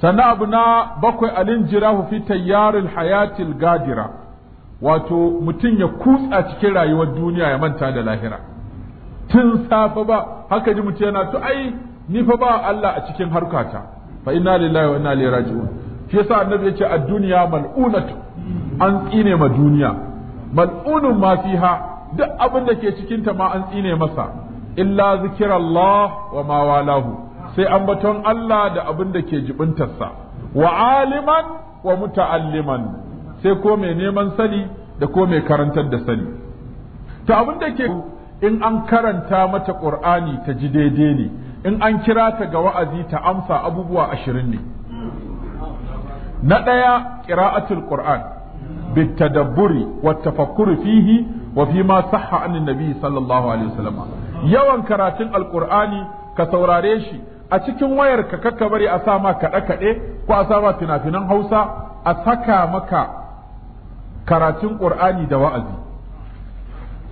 sana abu na bakwai alin jirahu fi tayyaril hayatil gadira wato mutum ya kutsa cikin rayuwar duniya ya manta da lahira tun safe ba haka ji mutum yana to ai ni fa ba Allah a cikin harkata fa inna lillahi wa inna ilaihi raji'un shi yasa annabi yace ad-dunya mal'unatu an tsine ma duniya mal'unun ma fiha duk abin da ke cikin ta ma an tsine masa illa zikirallah wa ma walahu sai ambaton Allah da abin da ke jibintarsa wa aliman wa muta'alliman sai ko mai neman sani da ko mai karantar da sani to abin da ke in an karanta mata qur'ani ta ji daidai ne in an kira ta ga wa'azi ta amsa abubuwa ashirin ne na ɗaya ƙira'atul qur'an بالتدبر والتفكر فيه وفيما صح عن النبي صلى الله عليه وسلم يوان karatun القرآن ka أتكين shi ككبري أساما wayar ka kakka bari a sama kaɗe-kaɗe ko a sama fina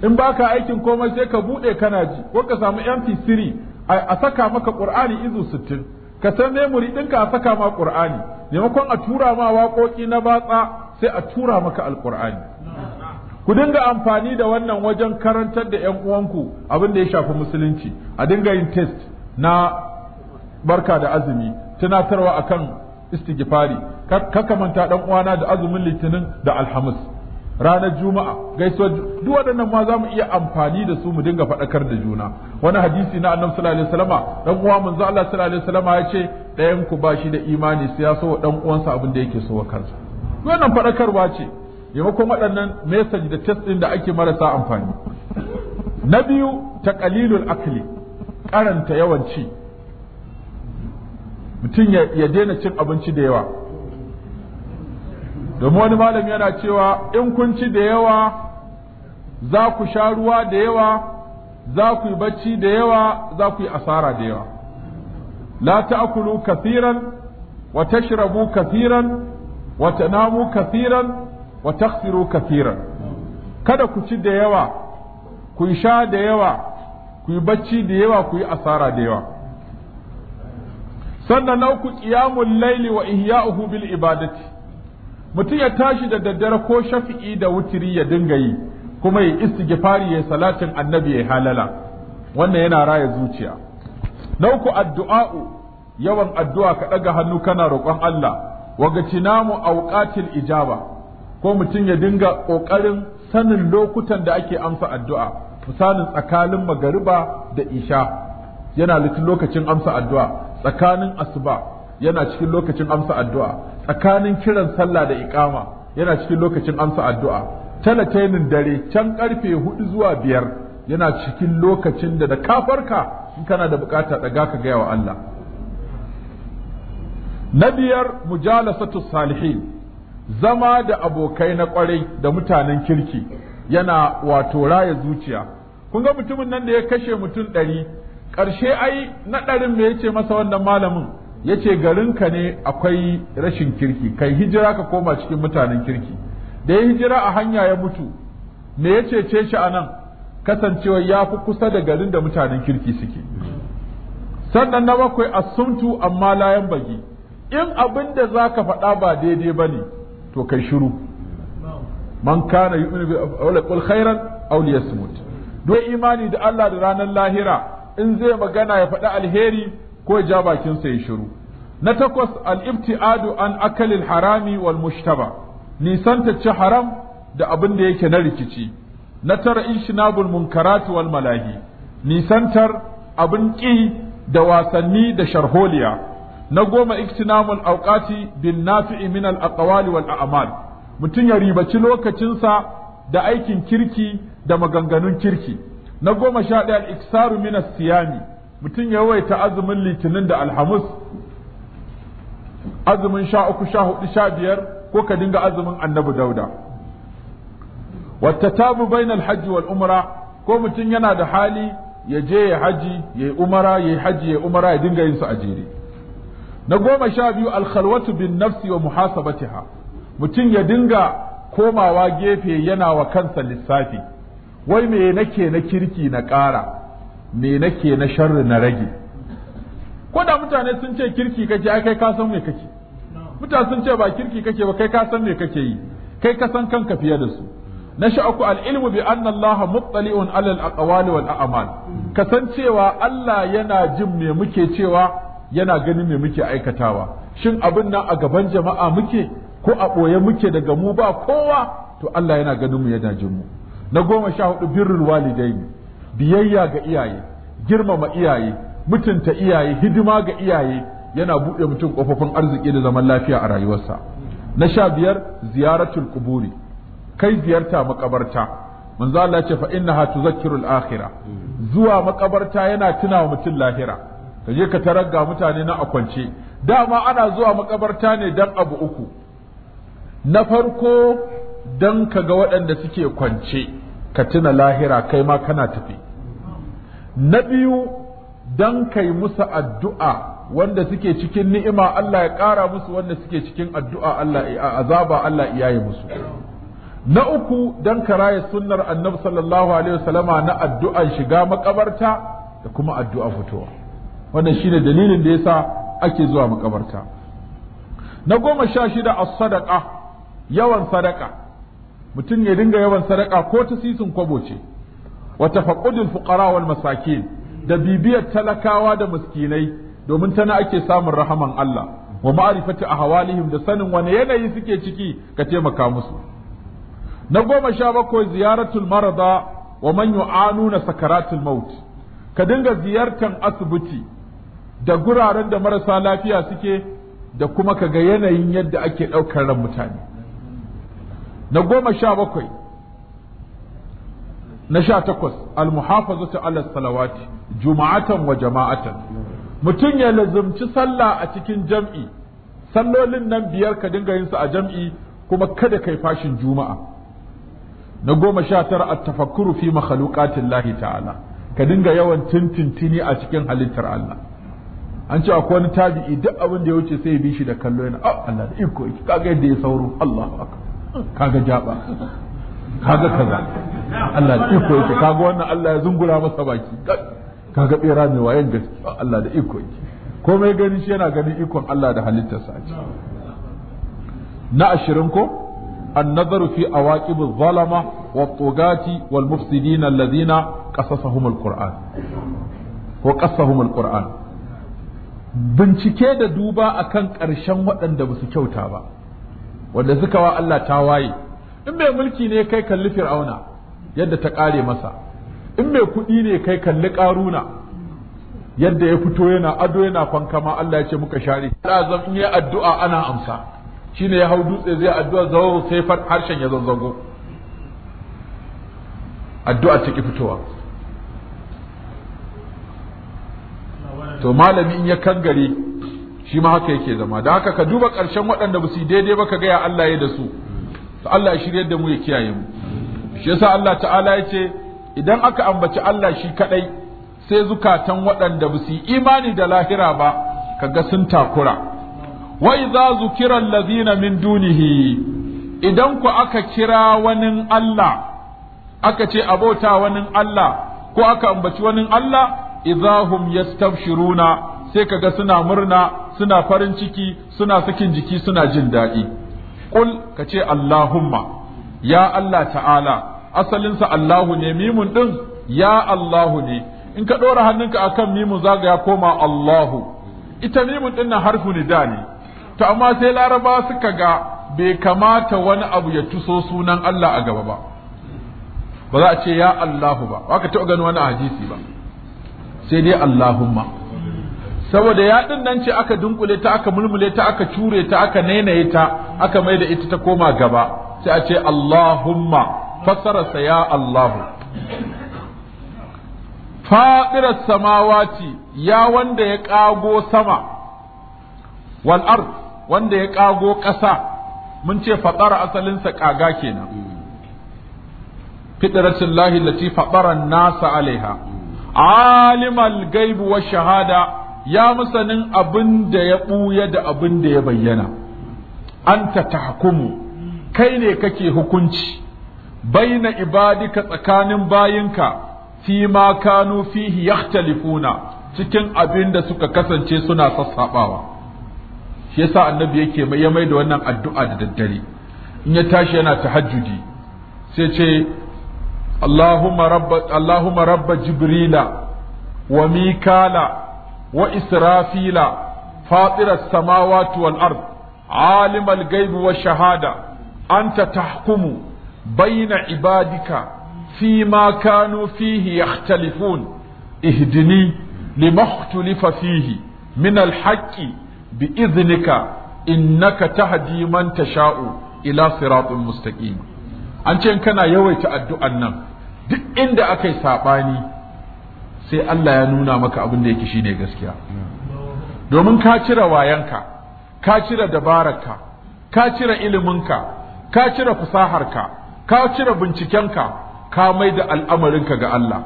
in ba ka aikin komai sai ka buɗe kana ji ko ka samu mp3 a saka maka ƙur'ani izu 60 ka san memory ɗinka a saka ma ƙur'ani maimakon a tura ma waƙoƙi na batsa sai a tura maka alkur'ani ku dinga amfani da wannan wajen karantar da yan uwanku abin da ya shafi musulunci a dinga yin test na barka da azumi tunatarwa akan istighfari ka manta dan uwana da azumin litinin da alhamis ranar juma'a gaisuwar duk waɗannan ma za mu iya amfani da su mu dinga faɗakar da juna wani hadisi na annabi sallallahu alaihi wasallama dan uwa manzo Allah sallallahu alaihi wasallama ya ce ɗayan ku ba shi da imani sai ya so dan uwansa abin da yake so wa kansa wannan faɗakarwa ce yamakon waɗannan message da test ɗin da ake marasa amfani na biyu ta ƙalilul akli karanta yawan ci mutum ya daina cin abinci da yawa domin wani malami yana cewa in kun ci da yawa za ku sha ruwa da yawa za ku yi bacci da yawa za ku yi asara da yawa la ta'kulu kathiran wa tashrabu kathiran wa tanamu kafiran, wa taksiru kafiran, kada ku ci da yawa ku sha da yawa ku yi bacci da yawa ku yi asara da yawa sannan na uku qiyamul laili wa ihya'uhu bil ibadati mutum ya tashi da daddare ko shafi'i da wutiri ya dinga yi kuma ya istighfari ya salatin annabi ya halala wannan yana raya zuciya na uku addu'a'u yawan addu'a ka ɗaga hannu kana roƙon Allah waga tinamu awqatil ijaba ko mutum ya dinga kokarin sanin lokutan da ake amsa addu'a misalin tsakanin magariba da isha yana lokacin amsa addu'a tsakanin asuba yana cikin lokacin amsa addu'a tsakanin kiran sallah da iqama yana cikin lokacin amsa addu'a talatainin dare can karfe hudu zuwa biyar yana cikin lokacin da da kafarka in kana da bukata daga ka gaya wa Allah na biyar mujalasatu salihin zama da abokai na kwarai da mutanen kirki yana wato raya zuciya kun ga mutumin nan da ya kashe mutum ɗari ƙarshe ai na ɗarin me yace masa wannan malamin yace ka ne akwai rashin kirki kai hijira ka koma cikin mutanen kirki da ya hijira a hanya ya mutu me yace ce shi a nan kasancewa ya fi kusa da garin da mutanen kirki suke sannan na bakwai asumtu amma layan bagi in abin da za ka faɗa ba daidai ba ne to kai shiru man kana yu'minu bi kul khairan aw liyasmut duk imani da Allah da ranar lahira in zai magana ya faɗi alheri ko ja bakinsa ya shiru na takwas al-ibtiadu an akalin harami wal mushtaba nisanta ci haram da abin da yake na rikici na tara bulmun karatu wal malahi nisantar abin ƙi da wasanni da sharholiya na goma iktinamul auqati bin nafi'i min al aqwali wal a'mal mutum ya ribaci lokacinsa da aikin kirki da maganganun kirki na goma sha ɗaya al iksaru min as siyami mutum ya yawaita azumin litinin da alhamis azumin sha uku sha hudu sha biyar ko ka dinga azumin annabi dauda wata tabu bainal hajji wal umra ko mutum yana da hali ya je ya haji ya umara ya haji ya umara ya dinga yin su a jere na goma sha biyu alkhalwatu bin nafsi wa muhasabatiha mutum ya dinga komawa gefe yana wa kansa lissafi wai me nake na kirki na ƙara me nake na sharri na rage ko da mutane sun ce kirki kake ai kai ka san me kake mutane sun ce ba kirki kake ba kai ka san me kake yi kai ka san kanka fiye da su na sha uku al'ilmu bi anna Allah muttali'un alal aqwali wal a'mal kasancewa Allah yana jin me muke cewa yana ganin me muke aikatawa shin abin nan a gaban jama'a muke ko a ɓoye muke daga mu ba kowa to Allah yana ganin mu yana jin mu na goma sha hudu birrul walidaini biyayya ga iyaye girmama iyaye mutunta iyaye hidima ga iyaye yana buɗe mutum ƙofofin arziki da zaman lafiya a rayuwarsa na sha biyar ziyaratul kuburi kai ziyarta makabarta manzo Allah ce fa innaha tuzakkirul akhirah zuwa makabarta yana tunawa mutum lahira ka je ka tarar ga mutane na a kwance dama ana zuwa makabarta ne dan abu uku na farko dan ka ga waɗanda suke kwance ka tuna lahira kai ma kana tafi na biyu dan kai musu addu'a wanda suke cikin ni'ima Allah ya ƙara musu wanda suke cikin addu'a Allah azaba Allah iyaye musu na uku dan karaya sunnar annabi sallallahu alaihi wasallama na addu'an shiga makabarta da kuma addu'a fitowa wannan shine dalilin da yasa ake zuwa makabarta na goma sha shida a sadaka yawan sadaka mutum ya dinga yawan sadaka ko ta sisin kwabo ce wa tafaqudul fuqara wal masakin da bibiyar talakawa da miskinai domin tana ake samun rahaman Allah wa ma'rifati ahwalihim da sanin wani yanayi suke ciki ka taimaka musu na goma sha bakwai ziyaratul marada wa man yu'anuna sakaratul maut ka dinga ziyartan asibiti da guraren da marasa lafiya suke da kuma kaga yanayin yadda ake ɗaukar ran mutane na goma sha bakwai na sha takwas ta ala salawati juma'atan wa jama'atan mutum ya lazumci sallah a cikin jam'i sallolin nan biyar ka dinga yin a jam'i kuma kada kai fashin juma'a na goma sha tara a tafakuru fi makhluqatin ta'ala ka dinga yawan tintintini a cikin halittar Allah an ce akwai wani tabi'i duk abin da ya wuce sai ya bi shi da kallo yana ah Allah da iko yake kaga yadda ya sauro Allah. akbar kaga jaba kaga kaza Allah da iko yake kaga wannan Allah ya zungura masa baki kaga bera mai wayan gaske ah, Allah da iko yake komai ganin shi yana ganin ikon Allah da halittarsa a ciki na ashirin ko annazaru fi awaqib zalama wa tugati wal mufsidin alladhina qasasahum alquran ko bincike da duba a kan ƙarshen waɗanda ba su kyauta ba wanda suka wa Allah ta waye in mai mulki ne kai kalli fir'auna yadda ta ƙare masa in mai kuɗi ne kai kalli ƙaruna yadda ya fito yana ado yana ma Allah ya ce muka share azam in yi addu'a ana amsa shine ya hau dutse zai addu'a zawo sai harshen ya zanzago addu'a ta ki fitowa to malami in ya kangare shi ma haka yake zama da haka ka duba ƙarshen waɗanda ba su daidai ba ka gaya Allah ya da su to Allah ya shirye da mu ya kiyaye mu shi yasa Allah ta'ala ya ce idan aka ambaci Allah shi kadai sai zukatan waɗanda ba su imani da lahira ba ka ga sun takura wa idza zukira allazina min dunihi idan ku aka kira wani Allah aka ce abota wani Allah ko aka ambaci wani Allah idahum yastabshiruna sai kaga suna murna suna farin ciki suna sakin jiki suna jin daɗi qul kace allahumma ya allah ta'ala asalinsa allahu ne mimun din ya allahu ne in ka ɗora hannunka akan mimun zaga ya koma allahu ita mimun din nan harfu da ne to amma sai laraba suka ga bai kamata wani abu ya tuso sunan allah a gaba ba ba za a ce ya allahu ba ba ka taɓa gani wani hadisi ba sai dai Allahumma saboda ya nan ce aka dunkule ta aka mulmule ta aka cure ta aka nainaye ta aka mai da ita ta koma gaba sai a ce Allahumma sa ya Allahu fadirar samawati ya wanda ya kago sama wal ard wanda ya kago ƙasa mun ce fadara asalinsa ƙaga kenan fidratullahi lati fadara nasa alaiha alimal gaibu wa shahada ya musanin abin da ya ɓuya da abin da ya bayyana anta tahkumu kai ne kake hukunci baina ibadika tsakanin bayinka fi ma kanu fihi yahtalifuna cikin abin da suka kasance suna sassabawa shi yasa annabi yake mai ya mai da wannan addu'a da daddare in ya tashi yana tahajjudi sai ce اللهم رب اللهم رب جبريل وميكالا وإسرافيل فاطر السماوات والأرض عالم الغيب والشهادة أنت تحكم بين عبادك فيما كانوا فيه يختلفون اهدني لما اختلف فيه من الحق بإذنك إنك تهدي من تشاء إلى صراط مستقيم an ce kana yawaita addu'an nan duk inda aka yi saɓani sai Allah ya nuna maka abin da yake shine gaskiya domin ka cire wayanka ka cire dabararka ka cire iliminka ka cire fasaharka ka cire bincikenka ka mai da al'amarinka ga Allah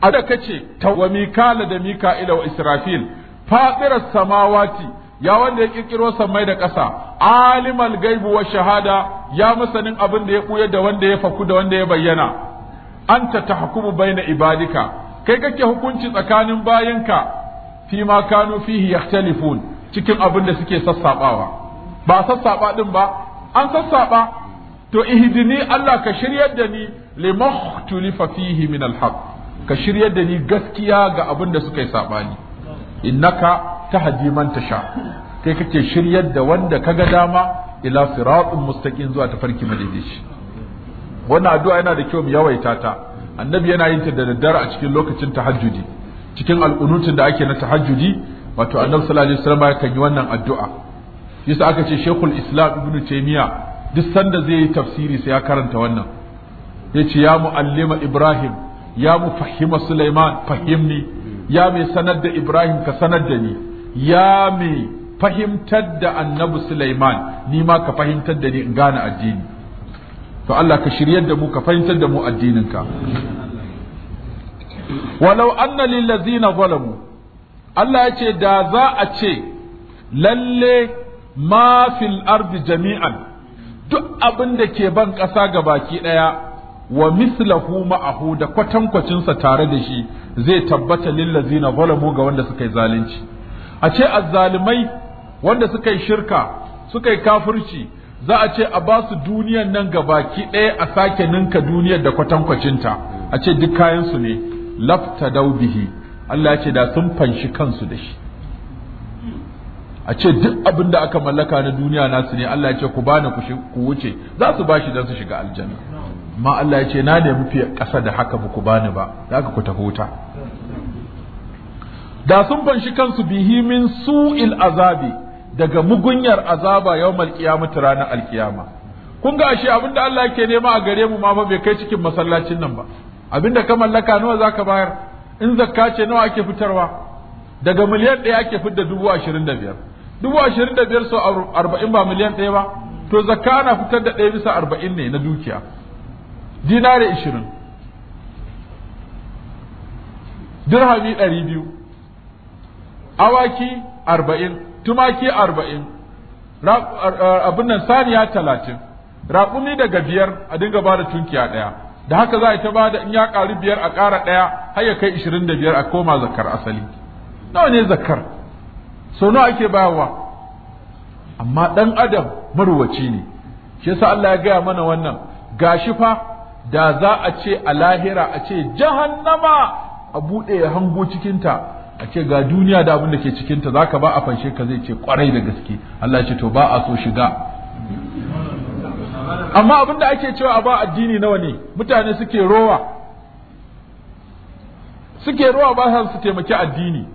a da kace ta wa mikala da ila wa israfil fadirar samawati ya wanda ya kirkiro sammai da ƙasa alimal gaibu wa shahada ya masanin abin da ya ɓuya da wanda ya faku da wanda ya bayyana anta tahkumu baina ibadika kai kake hukunci tsakanin bayinka fi ma kanu fihi yahtalifun cikin abin da suke sassabawa ba sassaba din ba an sassaba to ihdini Allah ka shiryar da ni limakhtulifa fihi min alhaq ka shiryar da ni gaskiya ga abin da suka yi sabani innaka hadiman man sha. kai kake shiryar da wanda ka ga dama ila siratun mustaqim zuwa tafarki shi? wannan addu'a yana da kyau mu yawaita ta annabi yana yin ta da daddare a cikin lokacin tahajjudi cikin al'unutun da ake na tahajjudi wato annabi sallallahu alaihi wasallam yakan yi wannan addu'a yasa aka ce shekul islam ibn taymiya duk sanda zai yi tafsiri sai ya karanta wannan yace ya muallima ibrahim ya fahima sulaiman fahimni ya mai sanar da ibrahim ka sanar da ni ya mai fahimtar da annabi Sulaiman ni ma ka fahimtar da ni in gane addini to Allah ka shiryar da mu ka fahimtar da mu addininka walau anna lillazina zalamu Allah ya ce da za a ce lalle ma fil ardi jami'an duk abin da ke ban ƙasa ga baki ɗaya wa mislahu ma'ahu da kwatankwacinsa tare da shi zai tabbata lillazina zalamu ga wanda suka yi zalunci a ce azzalimai wanda suka yi shirka suka yi kafirci za a ce a ba su duniyan nan gabaki ɗaya a sake ninka duniyar da kwatankwacinta a ce duk kayansu ne lafta daubihi Allah ce da sun fanshi kansu da shi a ce duk abin da aka mallaka na duniya nasu ne Allah ce ku bani ku wuce za su bashi don su shiga aljanna amma Allah ce na nemi fiye ƙasa da haka ba ku bani ba za ku tafi da sun fanshi kansu bihi min su'il azabi daga mugunyar azaba yawmal qiyamati ranar alkiyama kun ga ashe abinda Allah yake nema a gare mu ma ba bai kai cikin masallacin nan ba abinda ka mallaka nawa zaka bayar in zakka ce nawa ake fitarwa daga miliyan ɗaya ake fitar dubu ashirin da biyar dubu ashirin da biyar sau arba'in ba miliyan ɗaya ba to zakka ana fitar da ɗaya bisa arba'in ne na dukiya dinari ashirin dirhami ɗari biyu awaki arba'in tumaki arba'in abin nan saniya talatin raƙumi daga biyar a dinga ba da tunkiya ɗaya da haka za a ta ba da in ya ƙari biyar a ƙara ɗaya har ya kai ishirin da biyar a koma zakar asali nawa ne zakar so nawa ake bayarwa amma ɗan adam marwaci ne shi yasa Allah ya gaya mana wannan gashi fa da za a ce a lahira a ce jahannama a buɗe hango cikinta a ce ga duniya da abin da ke cikinta za ka ba a fanshe ka zai ce kwarai da gaske Allah ce to ba a so shiga amma abin da ake cewa a ba addini nawa ne mutane suke rowa suke rowa ba sa su taimaki addini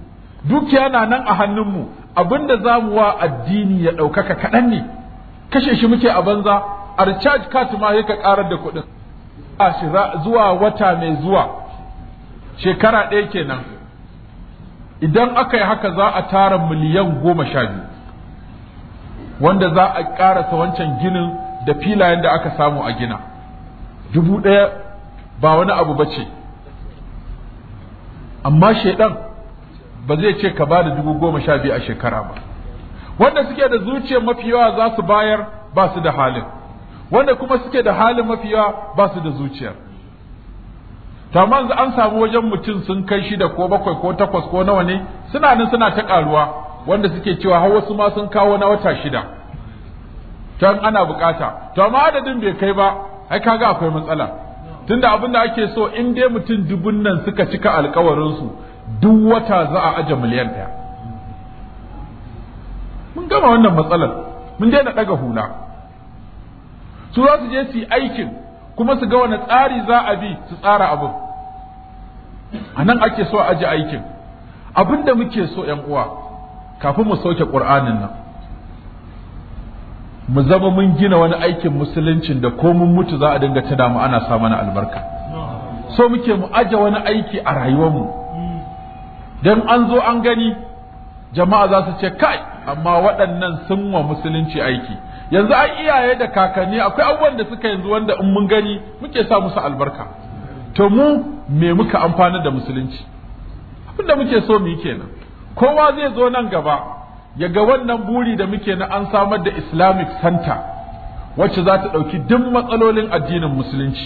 dukiya na nan a hannunmu abin da za mu wa addini ya ɗaukaka kaɗan ne kashe shi muke a banza a recharge card ma sai ka ƙarar da kuɗin a zuwa wata mai zuwa shekara ɗaya kenan idan aka yi haka za a tara miliyan goma sha biyu wanda za a ƙarasa wancan ginin da filayen da aka samu a gina dubu ɗaya ba wani abu ba ce amma shaidan ba zai ce ka ba da dubu goma sha biyu a shekara ba wanda suke da zuciyar mafi yawa za su bayar ba su da halin wanda kuma suke da halin mafi yawa ba su da zuciyar to amma yanzu an samu wajen mutum sun kai shida ko bakwai ko takwas ko nawa ne suna nan suna ta karuwa wanda suke cewa har wasu ma sun kawo na wata shida can ana bukata to amma adadin bai kai ba ai kaga akwai matsala tunda abin da ake so in dai mutum dubun nan suka cika alkawarin su duk wata za a aje miliyan ɗaya mun gama wannan matsalar mun daina ɗaga hula su za su je su yi aikin kuma su ga wani tsari za a bi su tsara abin a nan ake so a ji aikin abin da muke so ‘yan uwa kafin mu sauke ƙur'anin nan mu zama mun gina wani aikin musuluncin da ko mun mutu za a dinga tada mu ana sa mana albarka so muke mu aje wani aiki a rayuwarmu don an zo an gani jama'a za su ce kai amma waɗannan sun wa musulunci aiki yanzu ai iyaye da kakanni akwai abubuwan da suka yanzu wanda in mun gani muke sa musu albarka to mu me muka amfana da musulunci abin da muke so mu yi kenan kowa zai zo nan gaba ya ga wannan buri da muke na an samar da islamic center wacce za ta ɗauki duk matsalolin addinin musulunci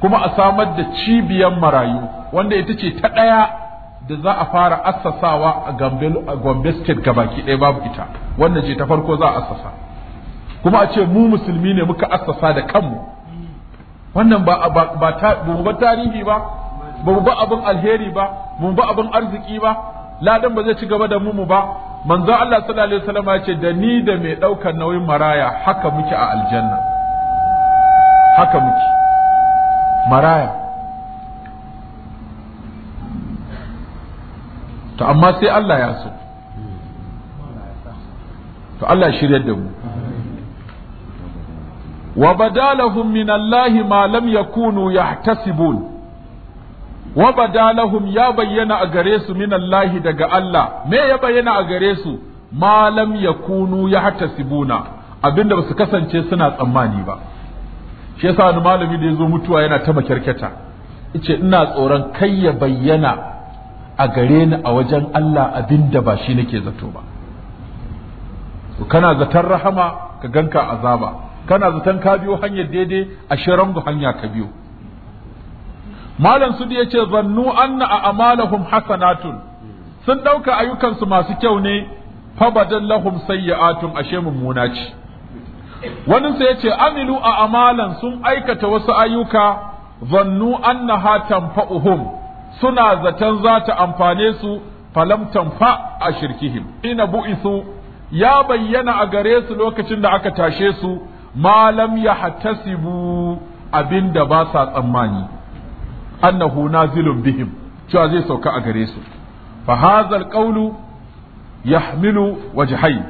kuma a samar da cibiyar marayu wanda ita ce ta ɗaya da za a fara assasawa a gombe state gabaki ɗaya babu ita wannan ce ta farko za a assasa kuma a ce mu musulmi ne muka assasa da kanmu wannan ba ba ta ba tarihi ba ba mu ba abin alheri ba mu ba abin arziki ba ladan ba zai ci gaba da mu mu ba manzo Allah sallallahu alaihi wasallam ya ce da ni da mai daukar nauyin maraya haka muke a aljanna haka muke maraya to amma sai Allah ya so to Allah shiryar da mu Wa ba dalihun minan lahi malam ya kunu Wa ba ya bayyana a gare su minan lahi daga Allah. Me ya bayyana a gare su malam ya kunu ya hata basu kasance suna tsammani ba. Shekara na malami da ya zo mutuwa yana ta ma kyakkyata. Ina tsoron kai ya bayyana a gare ni a wajen Allah abinda da ba shi na zato ba. Ka na zaton rahama ka ganka azaba. kana zaton ka biyo hanyar daidai a shirin hanya ka biyo malam sudi ya ce zannu anna a amalahum hasanatun sun ɗauka ayyukansu masu kyau ne fabadan lahum sayyi'atun ashe mummuna ce wani sai ya ce amilu a amalan sun aikata wasu ayyuka zannu annaha tanfa'uhum suna zaton za ta amfane su falam tanfa a shirkihim ina bu'isu ya bayyana a gare su lokacin da aka tashe su Malam ya hatasibu abinda ba sa tsammani annahu nazilun bihim cewa zai sauka a gare su fa hadha alqawlu yahmilu wajhayn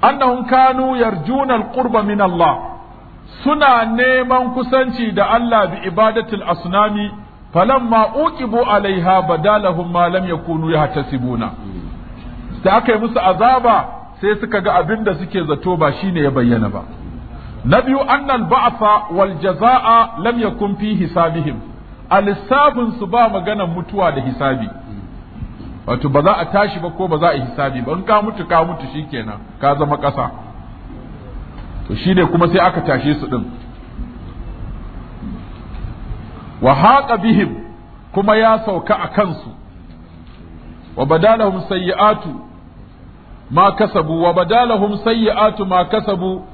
annahum kanu yarjuna alqurba min Allah suna neman kusanci da Allah bi ibadatul asnami falamma uqibu alaiha badalahum ma lam yakunu yahtasibuna da aka yi musu azaba sai suka ga abin da suke zato ba shine ya bayyana ba na biyu annal ba'sa wal jazaa lam yakun fi hisabihim a lissafin su ba maganan mutuwa da hisabi wato ba za a tashi ba ko ba za a hisabi ba in ka mutu ka mutu shikenan ka zama ƙasa to shine kuma sai aka tashe su din wa haqa bihim kuma ya sauka a kansu wa badalahum sayyi'atu ma kasabu wa badalahum sayyi'atu ma kasabu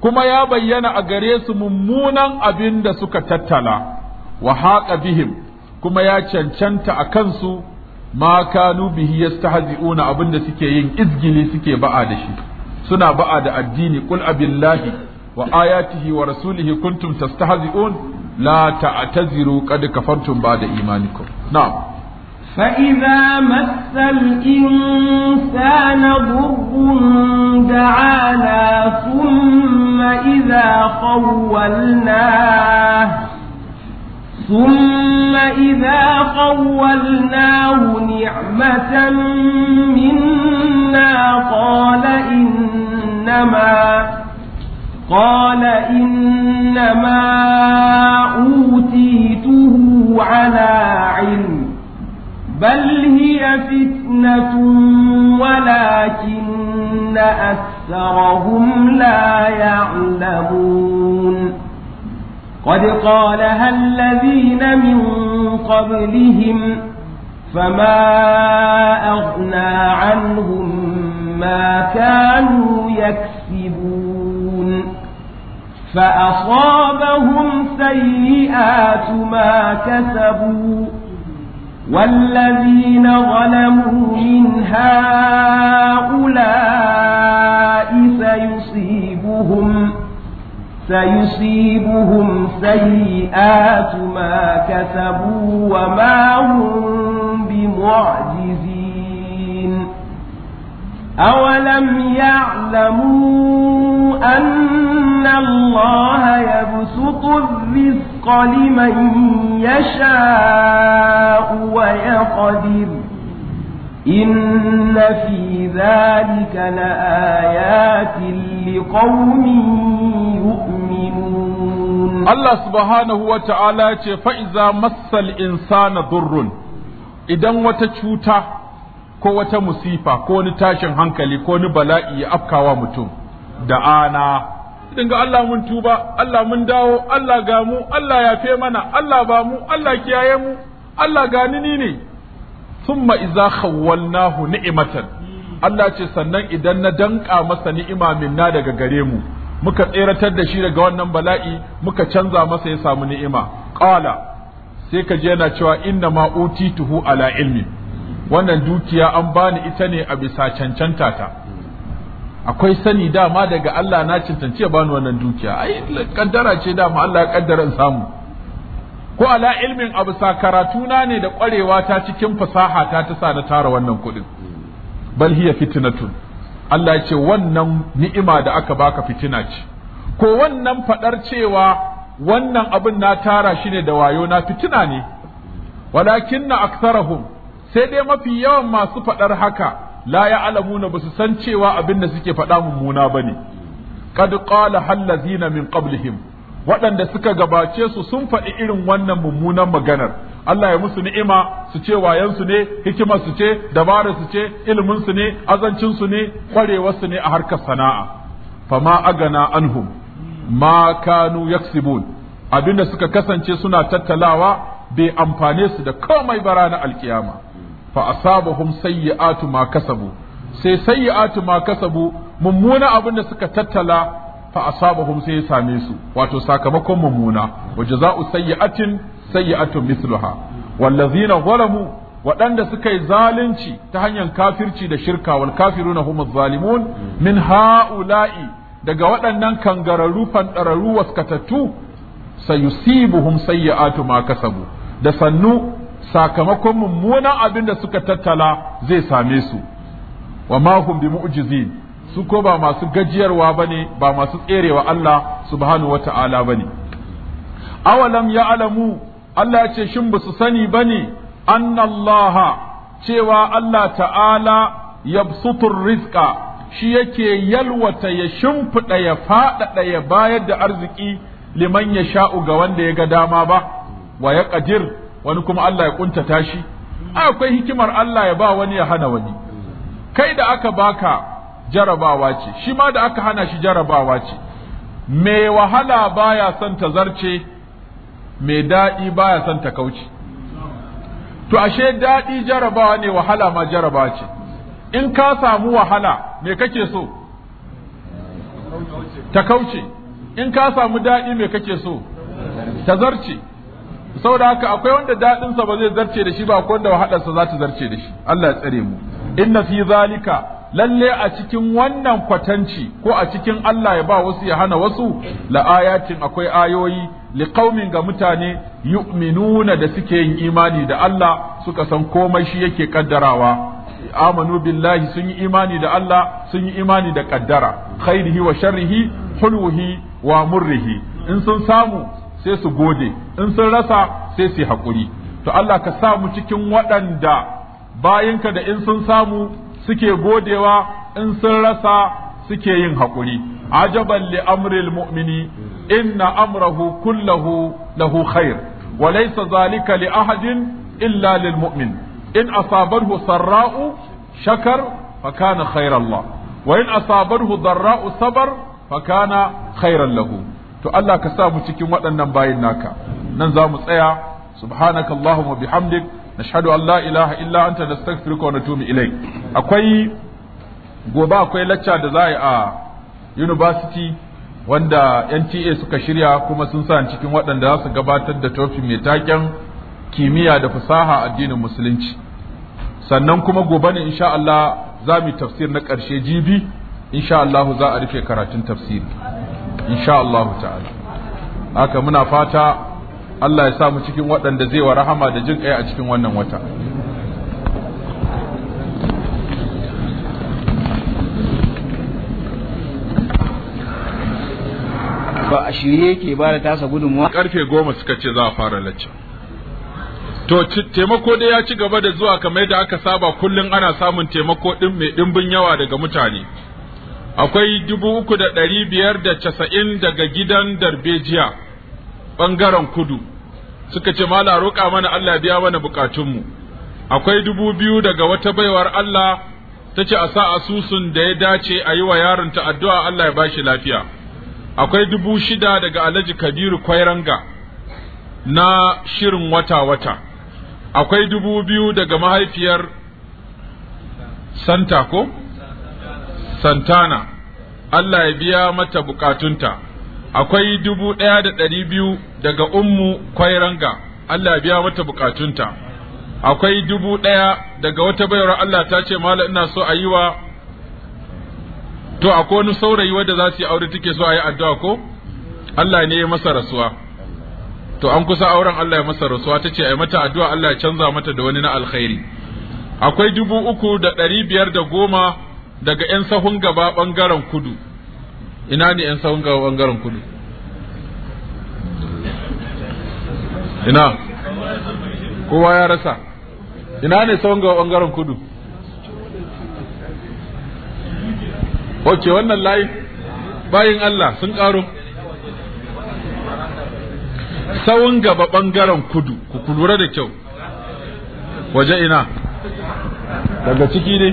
kuma ya bayyana a gare su mummunan abin da suka tattala wa haqa bihim kuma ya cancanta a kansu ma kanu bihi yastahzi'una abin da suke yin izgili suke ba'a da shi suna ba'a da addini qul abillahi wa ayatihi wa rasulihi kuntum tastahzi'un la ta'taziru qad kafartum ba'da imanikum na'am فإذا مس الإنسان ضر دعانا ثم إذا خولناه ثم إذا خولناه نعمة منا قال إنما قال إنما أوتيته على علم بل هي فتنة ولكن أكثرهم لا يعلمون قد قالها الذين من قبلهم فما أغنى عنهم ما كانوا يكسبون فأصابهم سيئات ما كسبوا والذين ظلموا من هؤلاء سيصيبهم سيصيبهم سيئات ما كسبوا وما هم بمعجزين أولم يعلموا أن إن الله يبسط الرزق لمن يشاء ويقدر إن في ذلك لآيات لقوم يؤمنون الله سبحانه وتعالى فإذا مس الإنسان ضر idan wata cuta ko wata musifa ko wani tashin hankali ko wani bala'i ya afkawa mutum da ana dinga Allah mun tuba Allah mun dawo Allah ga mu Allah yafe mana Allah ba mu Allah kiyaye mu Allah gani ni ne thumma idza khawwalnahu ni'matan Allah ce sannan idan na danka masa ni'ima minna daga gare mu muka tseratar da shi daga wannan bala'i muka canza masa ya samu ni'ima qala sai ka je yana cewa inna ma utituhu ala ilmi wannan dukiya an bani ita ne a bisa cancanta ta akwai sani dama daga Allah na cintance ya bani wannan dukiya ai kaddara ce dama Allah ya kaddara samu ko ala ilmin abu sa karatuna ne da kwarewa ta cikin fasaha ta ta sa na tara wannan kuɗin bal hiya fitnatun Allah ya ce wannan ni'ima da aka baka fitina ce ko wannan fadar cewa wannan abin na tara shi ne da wayo na fitina ne walakin na sai dai mafi yawan masu fadar haka la ya na basu san cewa abin da suke faɗa mummuna ba ne? kad qala hallazina min qablihim waɗanda suka gabace su sun faɗi irin wannan mummunan maganar Allah ya musu ni'ima su ce wayansu ne hikimar su ce dabara su ce ilimin su ne azancin su ne kwarewar su ne a harkar sana'a fama agana anhum ma kanu yaksibun abinda suka kasance suna tattalawa bai amfane su da komai barana na alkiyama fa asabahum sayyi'atu ma kasabu sai sayyi'atu ma kasabu mummuna abin da suka tattala fa asabahum sai ya same su wato sakamakon mummuna wa jaza'u sayyi'atin sayyi'atu mithluha wallazina zalamu waɗanda suka yi zalunci ta hanyar kafirci da shirka wal kafiruna humuz zalimun min ha'ula'i daga waɗannan kangararru fanɗararru waskatattu sayusibuhum sayyi'atu ma kasabu da sannu sakamakon mummunan abin da suka tattala zai same su wa ma hum bi mu'jizin su ko ba masu gajiyarwa bane ba masu tserewa Allah subhanahu wata'ala bane awalam ya'lamu Allah ya ce shin ba su sani bane annallaha cewa Allah ta'ala yabsutur rizqa shi yake yalwata ya shimfida ya faɗaɗa ya bayar da arziki liman ya sha'u ga wanda ya ga dama ba wa ya ƙadir wani kuma Allah ya kuntata shi akwai hikimar Allah ya ba wani ya hana wani kai da aka baka jarabawa ce shi ma da aka hana shi jarabawa ce mai wahala baya son ta zarce mai daɗi baya son ta kauce to ashe daɗi jarabawa ne wahala ma jarabawa ce in ka samu wahala me kake so ta kauce in ka samu daɗi me kake so ta zarce saboda haka akwai wanda dadin sa ba zai zarce da shi ba akwai wanda wahalar sa za ta zarce da shi Allah ya tsare mu inna fi zalika lalle a cikin wannan kwatanci ko a cikin Allah ya ba wasu ya hana wasu la ayatin akwai ayoyi qaumin ga mutane yu'minuna da suke yin imani da Allah suka san komai shi yake kaddarawa amanu billahi sun yi imani da Allah sun yi imani da kaddara khairihi wa sharrihi hulwihi wa murrihi in sun samu sai su gode in sun rasa sai su haƙuri to Allah ka sa mu cikin waɗanda bayinka da in sun samu suke godewa in sun rasa suke yin haƙuri ajaban li amril mu'mini inna amrahu kullahu lahu khair wa laysa zalika li ahadin illa lil mu'min in asabarhu sarra'u shakar fa kana khairan lahu wa in asabarhu darra'u sabar fa kana khairan lahu to Allah ka sa mu cikin waɗannan bayin naka nan za mu tsaya subhanaka allahumma bihamdik nashhadu an la ilaha illa anta nastaghfiruka wa natubu ilayk akwai gobe akwai lacca da za a yi university wanda NTA suka shirya kuma sun sa cikin waɗanda za su gabatar da tofi mai taken kimiyya da fasaha addinin musulunci sannan kuma gobe ne insha Allah za mu tafsir na ƙarshe jibi insha Allah za a rufe karatun tafsiri insha Allah ta'ala haka muna fata Allah ya sa mu cikin waɗanda zai wa rahama da jin a cikin wannan wata ba a shirye yake ba da tasa gudunmuwa karfe goma suka ce za a fara lacca to taimako dai ya ci gaba da zuwa kamar yadda aka saba kullum ana samun taimako ɗin mai dimbin yawa daga mutane akwai dubu uku da ɗari biyar da casa'in daga gidan darbejiya ɓangaren kudu suka ce mala roƙa mana Allah biya mana buƙatunmu. akwai dubu biyu daga wata baiwar Allah ta ce a sa asusun da ya dace a yi wa yaron ta addu'a Allah ya ba shi lafiya akwai dubu shida daga alhaji kabiru kwairanga na shirin wata-wata akwai dubu biyu daga mahaifiyar santa ko Santana, Allah ya biya mata bukatunta. Akwai dubu ɗaya da ɗari biyu daga Ummu Kwairanga, Allah ya biya mata bukatunta. Akwai dubu ɗaya daga wata bayar Allah ta ce mala ina so a yi wa to akwai wani saurayi wadda za su yi aure take so a yi addu'a ko? Allah ne ya masa rasuwa. To an kusa auren Allah ya masa rasuwa ta ce a yi mata addu'a Allah ya canza mata da wani na alkhairi. Akwai dubu uku da ɗari biyar da goma daga 'yan sahun gaba ɓangaren kudu ina ne 'yan sahun gaba ɓangaren kudu ina kowa ya rasa ina ne sahun gaba ɓangaren kudu ok wannan layi bayin Allah sun ƙaro sahun gaba ɓangaren kudu ku lura da kyau waje ina daga ciki ne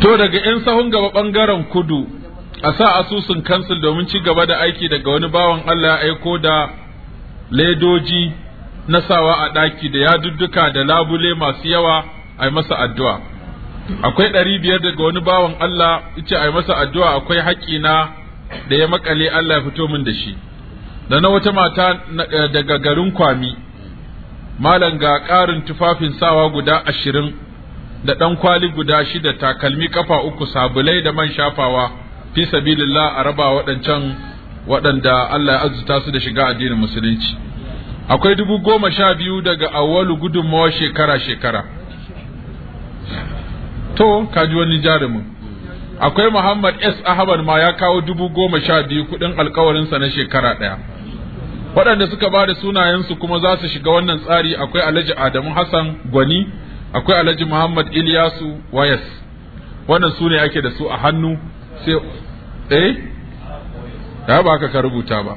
to daga 'yan sahun gaba ɓangaren kudu a sa asusun kansil domin ci gaba da aiki daga wani bawan Allah ya aiko da ledoji na sawa a ɗaki da ya dudduka da labule masu yawa a yi masa addu'a akwai ɗari biyar daga wani bawan Allah ce a yi masa addu'a akwai na da ya makale Allah ya fito min da shi da na wata mata eh, daga garin kwami malam ga ƙarin tufafin sawa guda ashirin da ɗan kwali guda shida takalmi kafa uku sabulai da man shafawa fi sabilillah a raba waɗancan waɗanda Allah ya azuta su da shiga addinin musulunci akwai dubu goma sha biyu daga awwalu gudunmawa shekara-shekara to kaji wani jarumin akwai Muhammad S. Ahmad ma ya kawo dubu goma sha biyu kuɗin alkawarinsa na shekara ɗaya waɗanda suka ba da sunayensu kuma za su shiga wannan tsari akwai Alhaji Adamu Hassan Gwani akwai alhaji muhammad ilyasu wayas wannan su ne ake da su a hannu sai eh da ba ka rubuta ba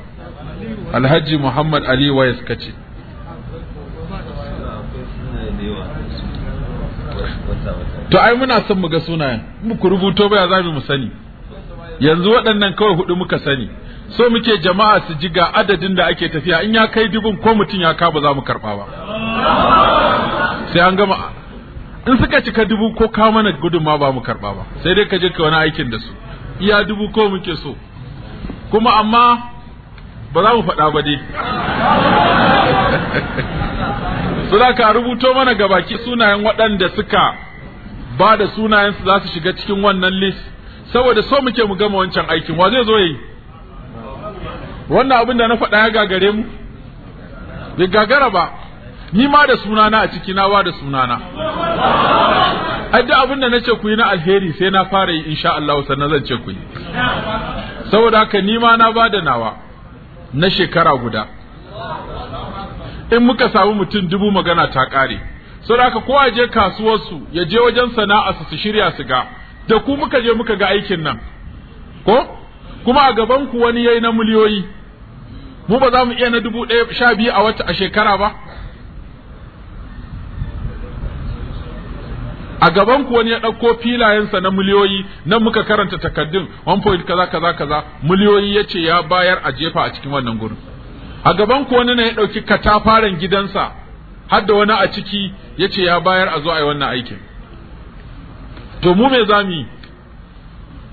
alhaji muhammad ali wayas kace to ai muna son mu ga sunayen muku rubuto baya za mu sani yanzu waɗannan kawai hudu muka sani so muke jama'a su ji ga adadin da ake tafiya in ya kai dubun ko mutum ya ba za mu karɓa ba sai an gama in suka cika dubu ko kawo mana ma ba mu karba ba sai dai ka je ka wani aikin da su iya dubu ko muke so kuma amma ba za mu faɗa ba dai su da ka rubuto mana gabaki sunayen waɗanda suka ba da sunayen su za su shiga cikin wannan list saboda so muke mu gama wancan aikin wa zai zo yi wannan abin da na faɗa ya gagare mu bai gagara ba ni ma da sunana a ciki nawa da sunana ai abin da nace ku yi na alheri sai na fara yi insha Allah sannan zan ce ku yi saboda haka ni ma na bada nawa na shekara guda in muka samu mutum dubu magana ta kare saboda haka kowa je kasuwar su ya je wajen sana'a su shirya su ga da ku muka je muka ga aikin nan ko kuma a gaban ku wani yayi na miliyoyi mu ba za mu iya na dubu ɗaya sha biyu a wata a shekara ba a gaban ku wani ya ɗauko filayensa na miliyoyi nan muka karanta takaddun 1 point kaza kaza kaza miliyoyi ya ce ya bayar a jefa a cikin wannan gurin a gaban ku wani ne ya ɗauki katafaren gidansa har da wani a ciki ya ce ya bayar a zo a yi wannan aikin to mu me za mu yi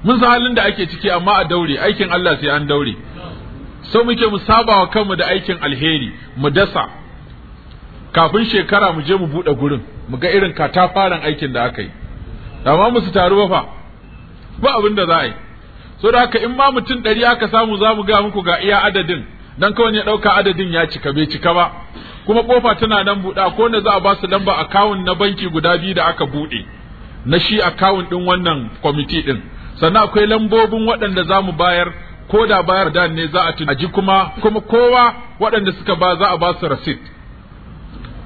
mun san halin da ake ciki amma a daure aikin Allah sai an daure sau muke mu saba wa kanmu da aikin alheri mu dasa kafin shekara mu je mu buɗe gurin mu ga irin katafaren aikin da aka yi Da ma musu taru ba fa ba abin da za a yi so da haka in ma mutum ɗari aka samu za mu ga muku ga iya adadin dan kawai ya ɗauka adadin ya cika bai cika ba kuma kofa tana nan buɗa ko na za a ba su lamba akawun na banki guda biyu da aka buɗe na shi akawun ɗin wannan kwamiti ɗin sannan akwai lambobin waɗanda za mu bayar ko da bayar da ne za a ji kuma kuma kowa waɗanda suka ba za a ba su receipt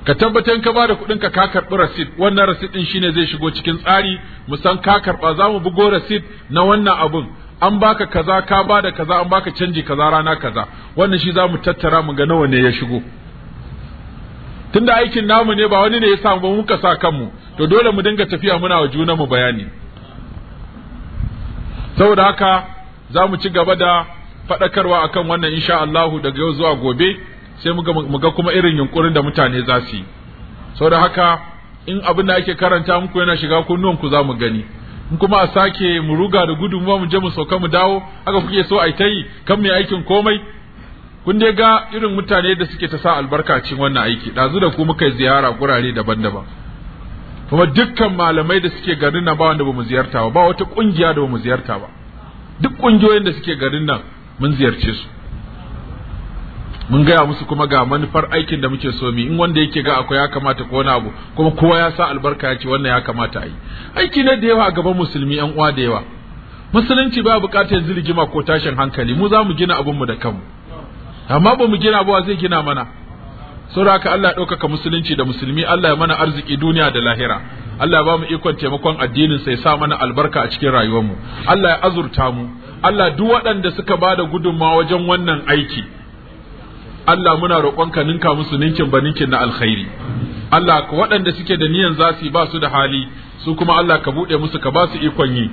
ka tabbatar ka bada kuɗin ka ka karɓi rasit wannan rasit din shine zai shigo cikin tsari mu san ka karɓa za mu bugo rasit na wannan abun an baka kaza ka bada kaza an baka canji kaza rana kaza wannan shi za mu tattara mu ga nawa ne ya shigo tunda aikin namu ne ba wani ne ya samu ba muka sa kanmu to dole mu dinga tafiya muna wa juna mu bayani saboda haka za mu ci gaba da faɗakarwa akan wannan insha Allahu daga yau zuwa gobe sai muga kuma irin yunkurin da mutane za su yi da haka in abin da ake karanta muku yana shiga kunnuwan ku za mu gani in kuma a sake mu ruga da gudu mu je mu sauka mu dawo haka kuke so a ta yi kan mai aikin komai kun dai ga irin mutane da suke ta sa albarka cikin wannan aiki ɗazu da ku muka ziyara gurare daban-daban kuma dukkan malamai da suke garin nan ba wanda ba mu ziyarta ba ba wata kungiya da ba mu ziyarta ba duk ƙungiyoyin da suke garin nan mun ziyarce su mun gaya musu kuma ga manufar aikin da muke so mu in wanda yake ga akwai ya kamata ko abu kuma kowa ya sa albarka ya ce wannan ya kamata a yi aiki ne da yawa gaban musulmi yan uwa da yawa musulunci ba bukatar zirgima ko tashin hankali mu za mu gina abun mu da kanmu amma ba mu gina ba zai gina mana saboda haka Allah ya ɗaukaka musulunci da musulmi Allah ya mana arziki duniya da lahira Allah ya ba mu ikon taimakon addinin sai sa mana albarka a cikin rayuwar mu. Allah ya azurta mu Allah duk waɗanda suka ba da gudunmawa wajen wannan aiki Allah muna roƙonka ninka musu ninkin ba ninkin na alkhairi Allah ka waɗanda suke da niyan za su ba su da hali su kuma Allah ka buɗe musu ka ba su ikon yi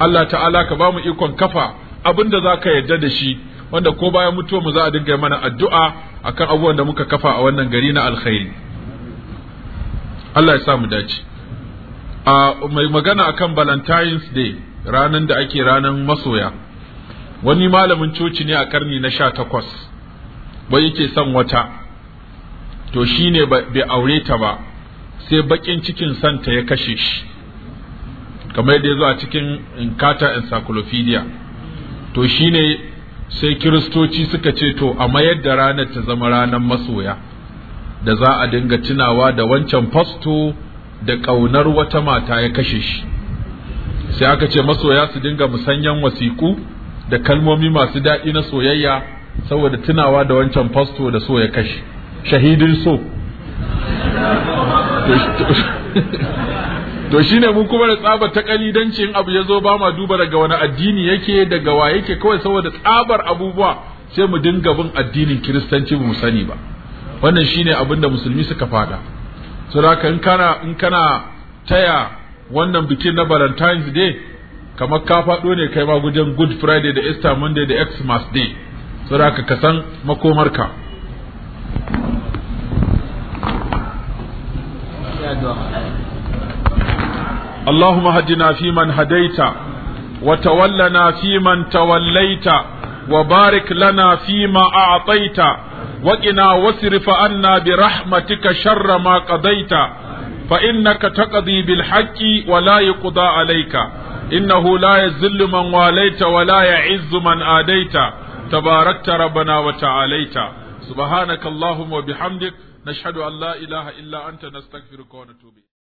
Allah ta'ala ka ba mu ikon kafa abin da za ka yarda da shi wanda ko bayan mutuwa mu za a dinga mana addu'a akan abubuwan da muka kafa a wannan gari na alkhairi Allah ya sa mu dace a mai magana akan Valentine's Day ranan da ake ranan masoya wani malamin coci ne a karni na 18 ba yake son wata to shine bai aure ta ba sai bakin cikin santa ya kashe shi kamar yadda ya zo a cikin inkata encyclopedia to shine sai kiristoci suka ce to a mayar da ranar ta zama ranar masoya da za a dinga tunawa da wancan fasto da ƙaunar wata mata ya kashe shi sai aka ce masoya su dinga musanyan wasiku da kalmomi masu daɗi na soyayya saboda tunawa da wancan fasto da so ya kashe shahidin so to ne mu kuma da tsabar ta kalidanci in abu ya zo ba ma duba daga wani addini yake daga wa yake kawai saboda tsabar abubuwa sai mu dinga bin addinin kiristanci mu sani ba wannan shi ne abin da musulmi suka fada Su raka in kana in kana taya wannan bikin na Valentine's Day kamar ka faɗo ne kai ma gudan Good Friday da Easter Monday da Xmas Day saboda ka san makomarka اللهم هدنا فيمن هديت وتولنا فيمن توليت وبارك لنا فيما أعطيت وقنا واصرف عنا برحمتك شر ما قضيت فإنك تقضي بالحق ولا يقضى عليك إنه لا يذل من واليت ولا يعز من آديت tabarakta rabbana wa ta'alaita subhanakallahumma wa bihamdik nashhadu an la ilaha illa anta nastaghfiruka wa natubu